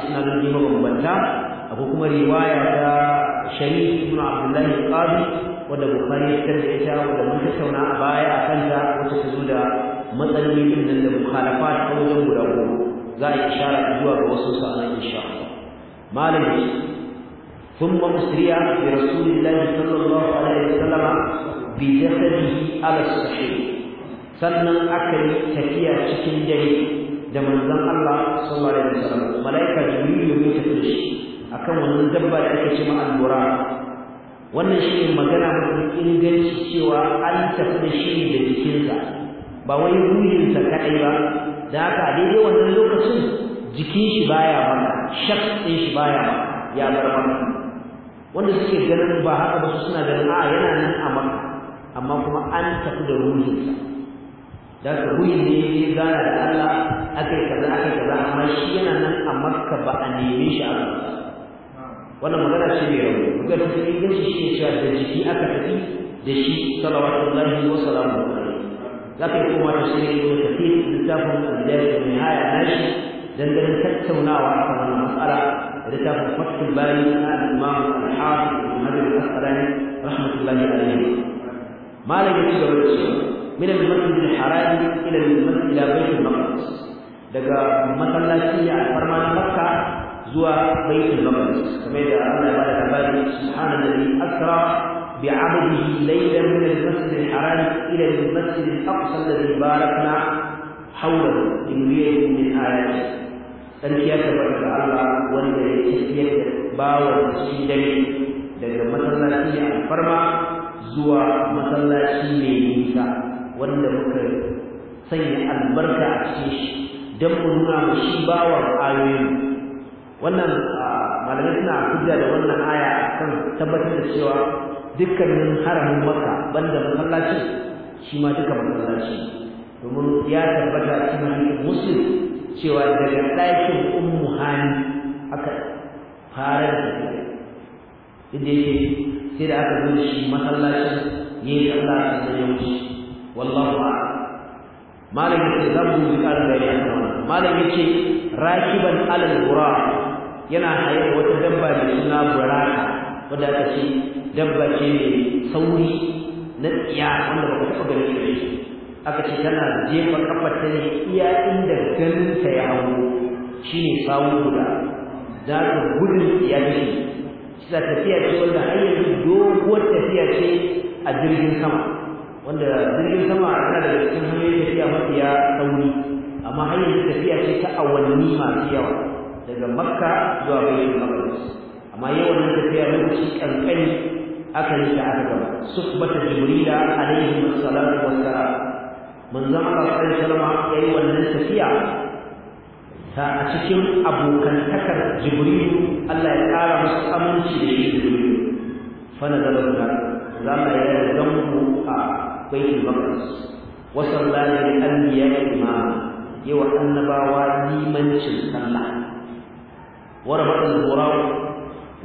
isnadun ne mabambanta Abu kuma riwaya ta sharif ibn abdullahi qadi wanda bukhari ya tarda ita wanda mun tattauna a baya a kanta wacce ta zo da matsaloli din nan da mukhalafat ta wajen guda goma za a yi ishara zuwa ga wasu sa'an insha Allah ثم مسريا برسول الله صلى الله عليه وسلم بجسده على الصحيح sannan aka yi tafiya cikin dare da manzon Allah sallallahu alaihi wasallam malaika jibril ya tafi shi akan wannan dabba da ake cewa al-bura wannan shi magana mafi inganci cewa an tafi da shi da jikinsa ba wai ruhinsa kaɗai ba da haka a daidai wannan lokacin jikin shi baya maka shak ɗin shi baya ya bar maka wanda suke ganin ba haka ba su suna ganin a yana nan a maka amma kuma an tafi da sa da ka ruhin ne ya gana da Allah aka yi kaza aka yi kaza amma shi yana nan a makka ba a neme shi a wannan magana ce mai rauni magana ta yi gashi shi ne cewa da jiki aka tafi da shi salawatullahi wa salamu alaihi za ka yi kuma da shi ne wani tafi littafin da ya nihaya na shi dangane tattaunawa a kan wannan matsala littafin fatul bari na al-imam al-hafiz ibn hajar rahmatullahi alayhi malam ya ci gaba da cewa min al-masjid al-haram ila al-masjid ila bayt al-maqdis daga masallaci ya alfarma na makka zuwa bayt al da Allah ya bada labari subhanallahi asra بعبده ليلا من المسجد الحرام إلى المسجد الأقصى الذي باركنا حوله من آياته sarkiyar da bada Allah wanda ya tafiyar da bawan shi dare daga masallaci farma zuwa masallaci mai nisa wanda muka sanya albarka a cikin shi don mu nuna mu shi bawan ayoyin wannan malamai suna hujja da wannan aya a kan tabbatar da cewa dukkanin haramin maka banda masallaci shi ma duka masallaci domin ya tabbata cikin muslim cewa daga ɗakin ummu hani aka fara da tafiya inda yake sai da aka zo shi masallacin yayi Allah ta ya wuce wallahu a'lam malam za mu yi ƙarar da ya kama malam yace rakiban alal bura yana haye wata dabba da suna buraka wadda aka ce dabba ce mai sauri na tsiya wanda ba ku taɓa ganin shi aka ce tana jefa ta ne iya inda ganinta ya hau. shi ne sawu guda za ta gudun iyali ta tafiya ce wanda har yanzu doguwar tafiya ce a jirgin sama wanda jirgin sama yana daga cikin hanyoyin tafiya mafiya sauri amma har yanzu tafiya ce ta awanni masu yawa daga makka zuwa bayan maqdis amma yawan tafiya shi kankani aka yi ta aka gaba suhbata jibrila alaihi salatu wassalam من زمان رسول الله عليه وسلم أيوة نسيا فأتشيم أبو كان تكر جبريل الله تعالى مستأمن شيء فنزل الله زمان يوم جمعه بين المقدس وصلى للأنبياء ما يو النبا وادي من شن سلا ورب الغراء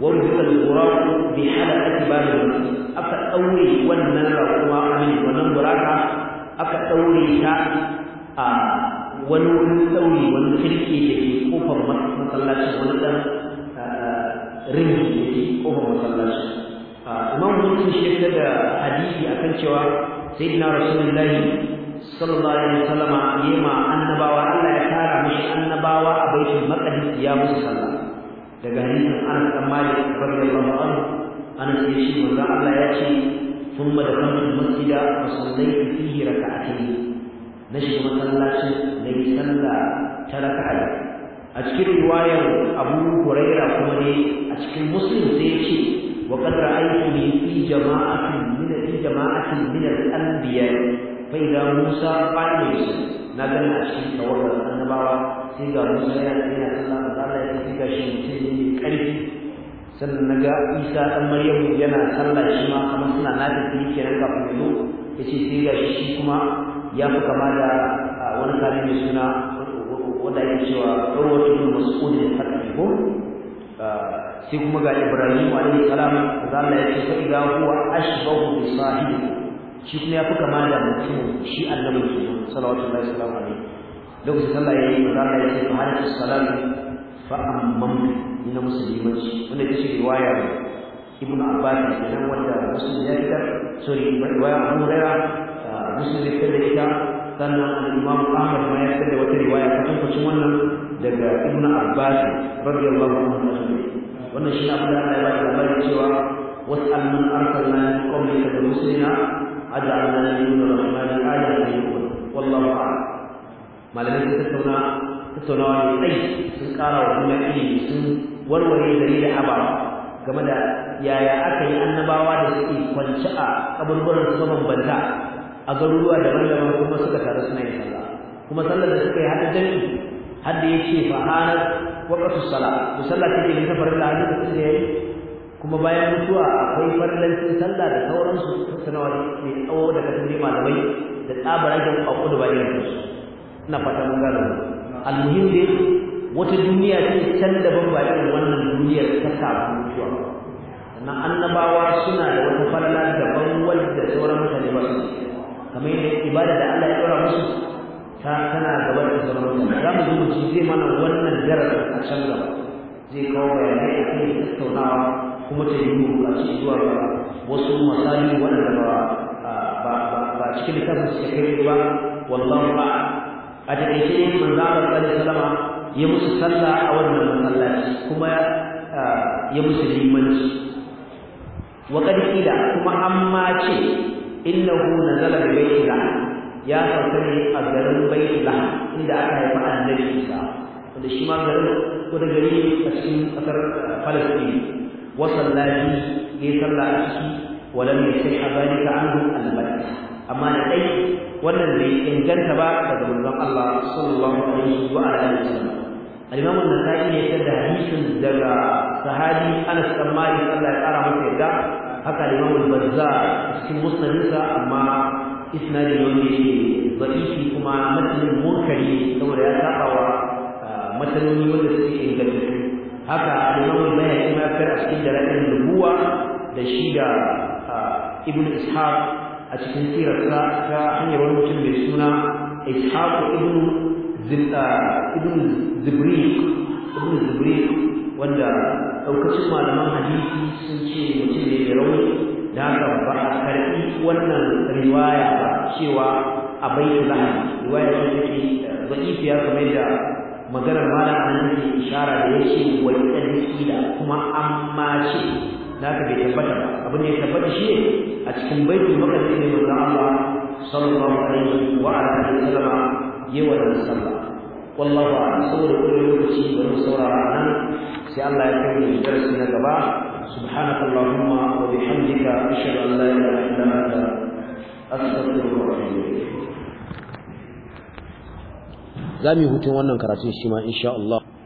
ورب الغراء بحلقة باب المقدس أفتأوي والنبا وما أمن ونبراك aka ɗaure ta a wani wurin ɗaure wani kirki da ke kofar masallaci wani dan rin da ke kofar masallaci imam muslim shi da hadisi akan cewa sai sayyidina rasulullahi sallallahu alaihi wasallam yema annabawa Allah ya tara mishi annabawa a baitul maqdis ya musu sallah daga hadisin Anas bin Malik radiyallahu anhu Anas ya ce manzo Allah ya ce ثم دخلت المسجد فصليت فيه ركعتين نشد مسلاشي نبي صلى ترك عليه أذكر رواية أبو هريرة كمني أذكر مسلم سيشي وقد رأيته في جماعة من في جماعة من الأنبياء فإذا موسى قال يوسف نادى أشكي تورط النبوة سيدا موسى يا سيدنا الله تعالى يتفكى شيء مسلم كريم sannan na ga isa ɗan maryamu yana sallah shi ma kamar suna na nafili kenan kafin ya ya ce sai ga shi kuma ya fi kama da wani kare mai suna wanda ake cewa urwatu ibn mas'ud ne haka ko sai kuma ga ibrahim alaihi salam za Allah ya ce fa idza huwa ashbahu bi sahibi shi kuma ya fi kama da mutum shi annabi sallallahu alaihi wasallam lokacin sallah yayi da Allah ya ce fa hadith salamu fa na musulmanci wanda yake riwaya abbas kenan wanda ya rika riwaya abu da ita sannan imam ahmad ma ya wata riwaya ta tabbacin wannan daga ibn abbas radiyallahu anhu wannan shi abin Allah ya bada cewa was'al man arsalna min qablika min rusulina aj'alna min rahmani wallahu tattauna tattaunawa ne tsayi sun ƙara wa juna ilimi sun warware gari da ababa game da yaya aka yi annabawa da suke kwanci a kaburburan su mabambanta a garuruwa daban-daban kuma suka taru suna yin sallah kuma sallar da suka yi hada jami'i har da ya ce fa hanar waqtu sallah to sallah take da safarin da hannu da yayi kuma bayan mutuwa akwai farlancin sallah da sauransu sanawa ne tsawo daga tambayi malamai da tsabaragen kwakwudu ba irin su na fata mun gano almuhim dai wata duniya ce can daban ba irin wannan duniyar ta kafin mutuwa sannan annabawa suna da wata falla daban wadda sauran mutane ba su kamar yadda ibada da Allah ya ɗora musu ta tana gaba da sauran mutane za mu mu ci zai mana wannan darasin a can gaba zai kawo bayanai a kan tattaunawa kuma ta yi buƙaci zuwa ba. wasu masali waɗanda ba ba ba cikin littafin suke kai ba wallahu a'lam a daidaice ne manzo Allah sallallahu ya musu sallah a wannan masallaci kuma ya musu limanci wa qad Ila, kuma amma ce innahu nazala bi baitillah ya sauka ne a garin baitillah inda aka haifa annabi Isa wanda shi ma garin wani gari a cikin ƙasar Palestine wa sallahi ya sallah a ciki a يصح ذلك عنه البتة amma da dai wannan bai inganta ba daga manzon Allah sallallahu alaihi wa alihi wasallam al-imam an-nasa'i ne ya da hadisin daga sahabi Anas bin Malik Allah ya kara masa yadda haka al-imam al-Bazzar cikin musnadinsa amma isnadin wanda yake dhaifi kuma matnin munkari saboda ya saba wa ah, matanoni wanda suke inganta haka al-imam al-Bayhaqi ma kar a cikin nubuwa da shi da ah, ibn Ishaq a cikin sirarsa ta hanyar wani mutum mai suna ishaku ibn ibn zibriq wanda daukacin malaman hadisi sun ce mutum ne mai rauni da haka ba a karɓi wannan riwaya ba cewa a bayyana lahani riwaya ce take eh, za'ifiya kamar da maganar malam an yi ishara da ya ce da kuma an ce naka bai tabbata ba abin da ya tabbata shi ne a cikin baitul maqdis ne manzo Allah sallallahu alaihi wa ala alihi wasallam yayi wannan sallah wallahu a'lam saboda kullum lokaci da mu saurara nan sai Allah ya kai mu darasi na gaba سبحانك اللهم وبحمدك أشهد أن لا إله إلا أنت أستغفرك وأتوب إليك za mu yi hutun wannan karatun shi ma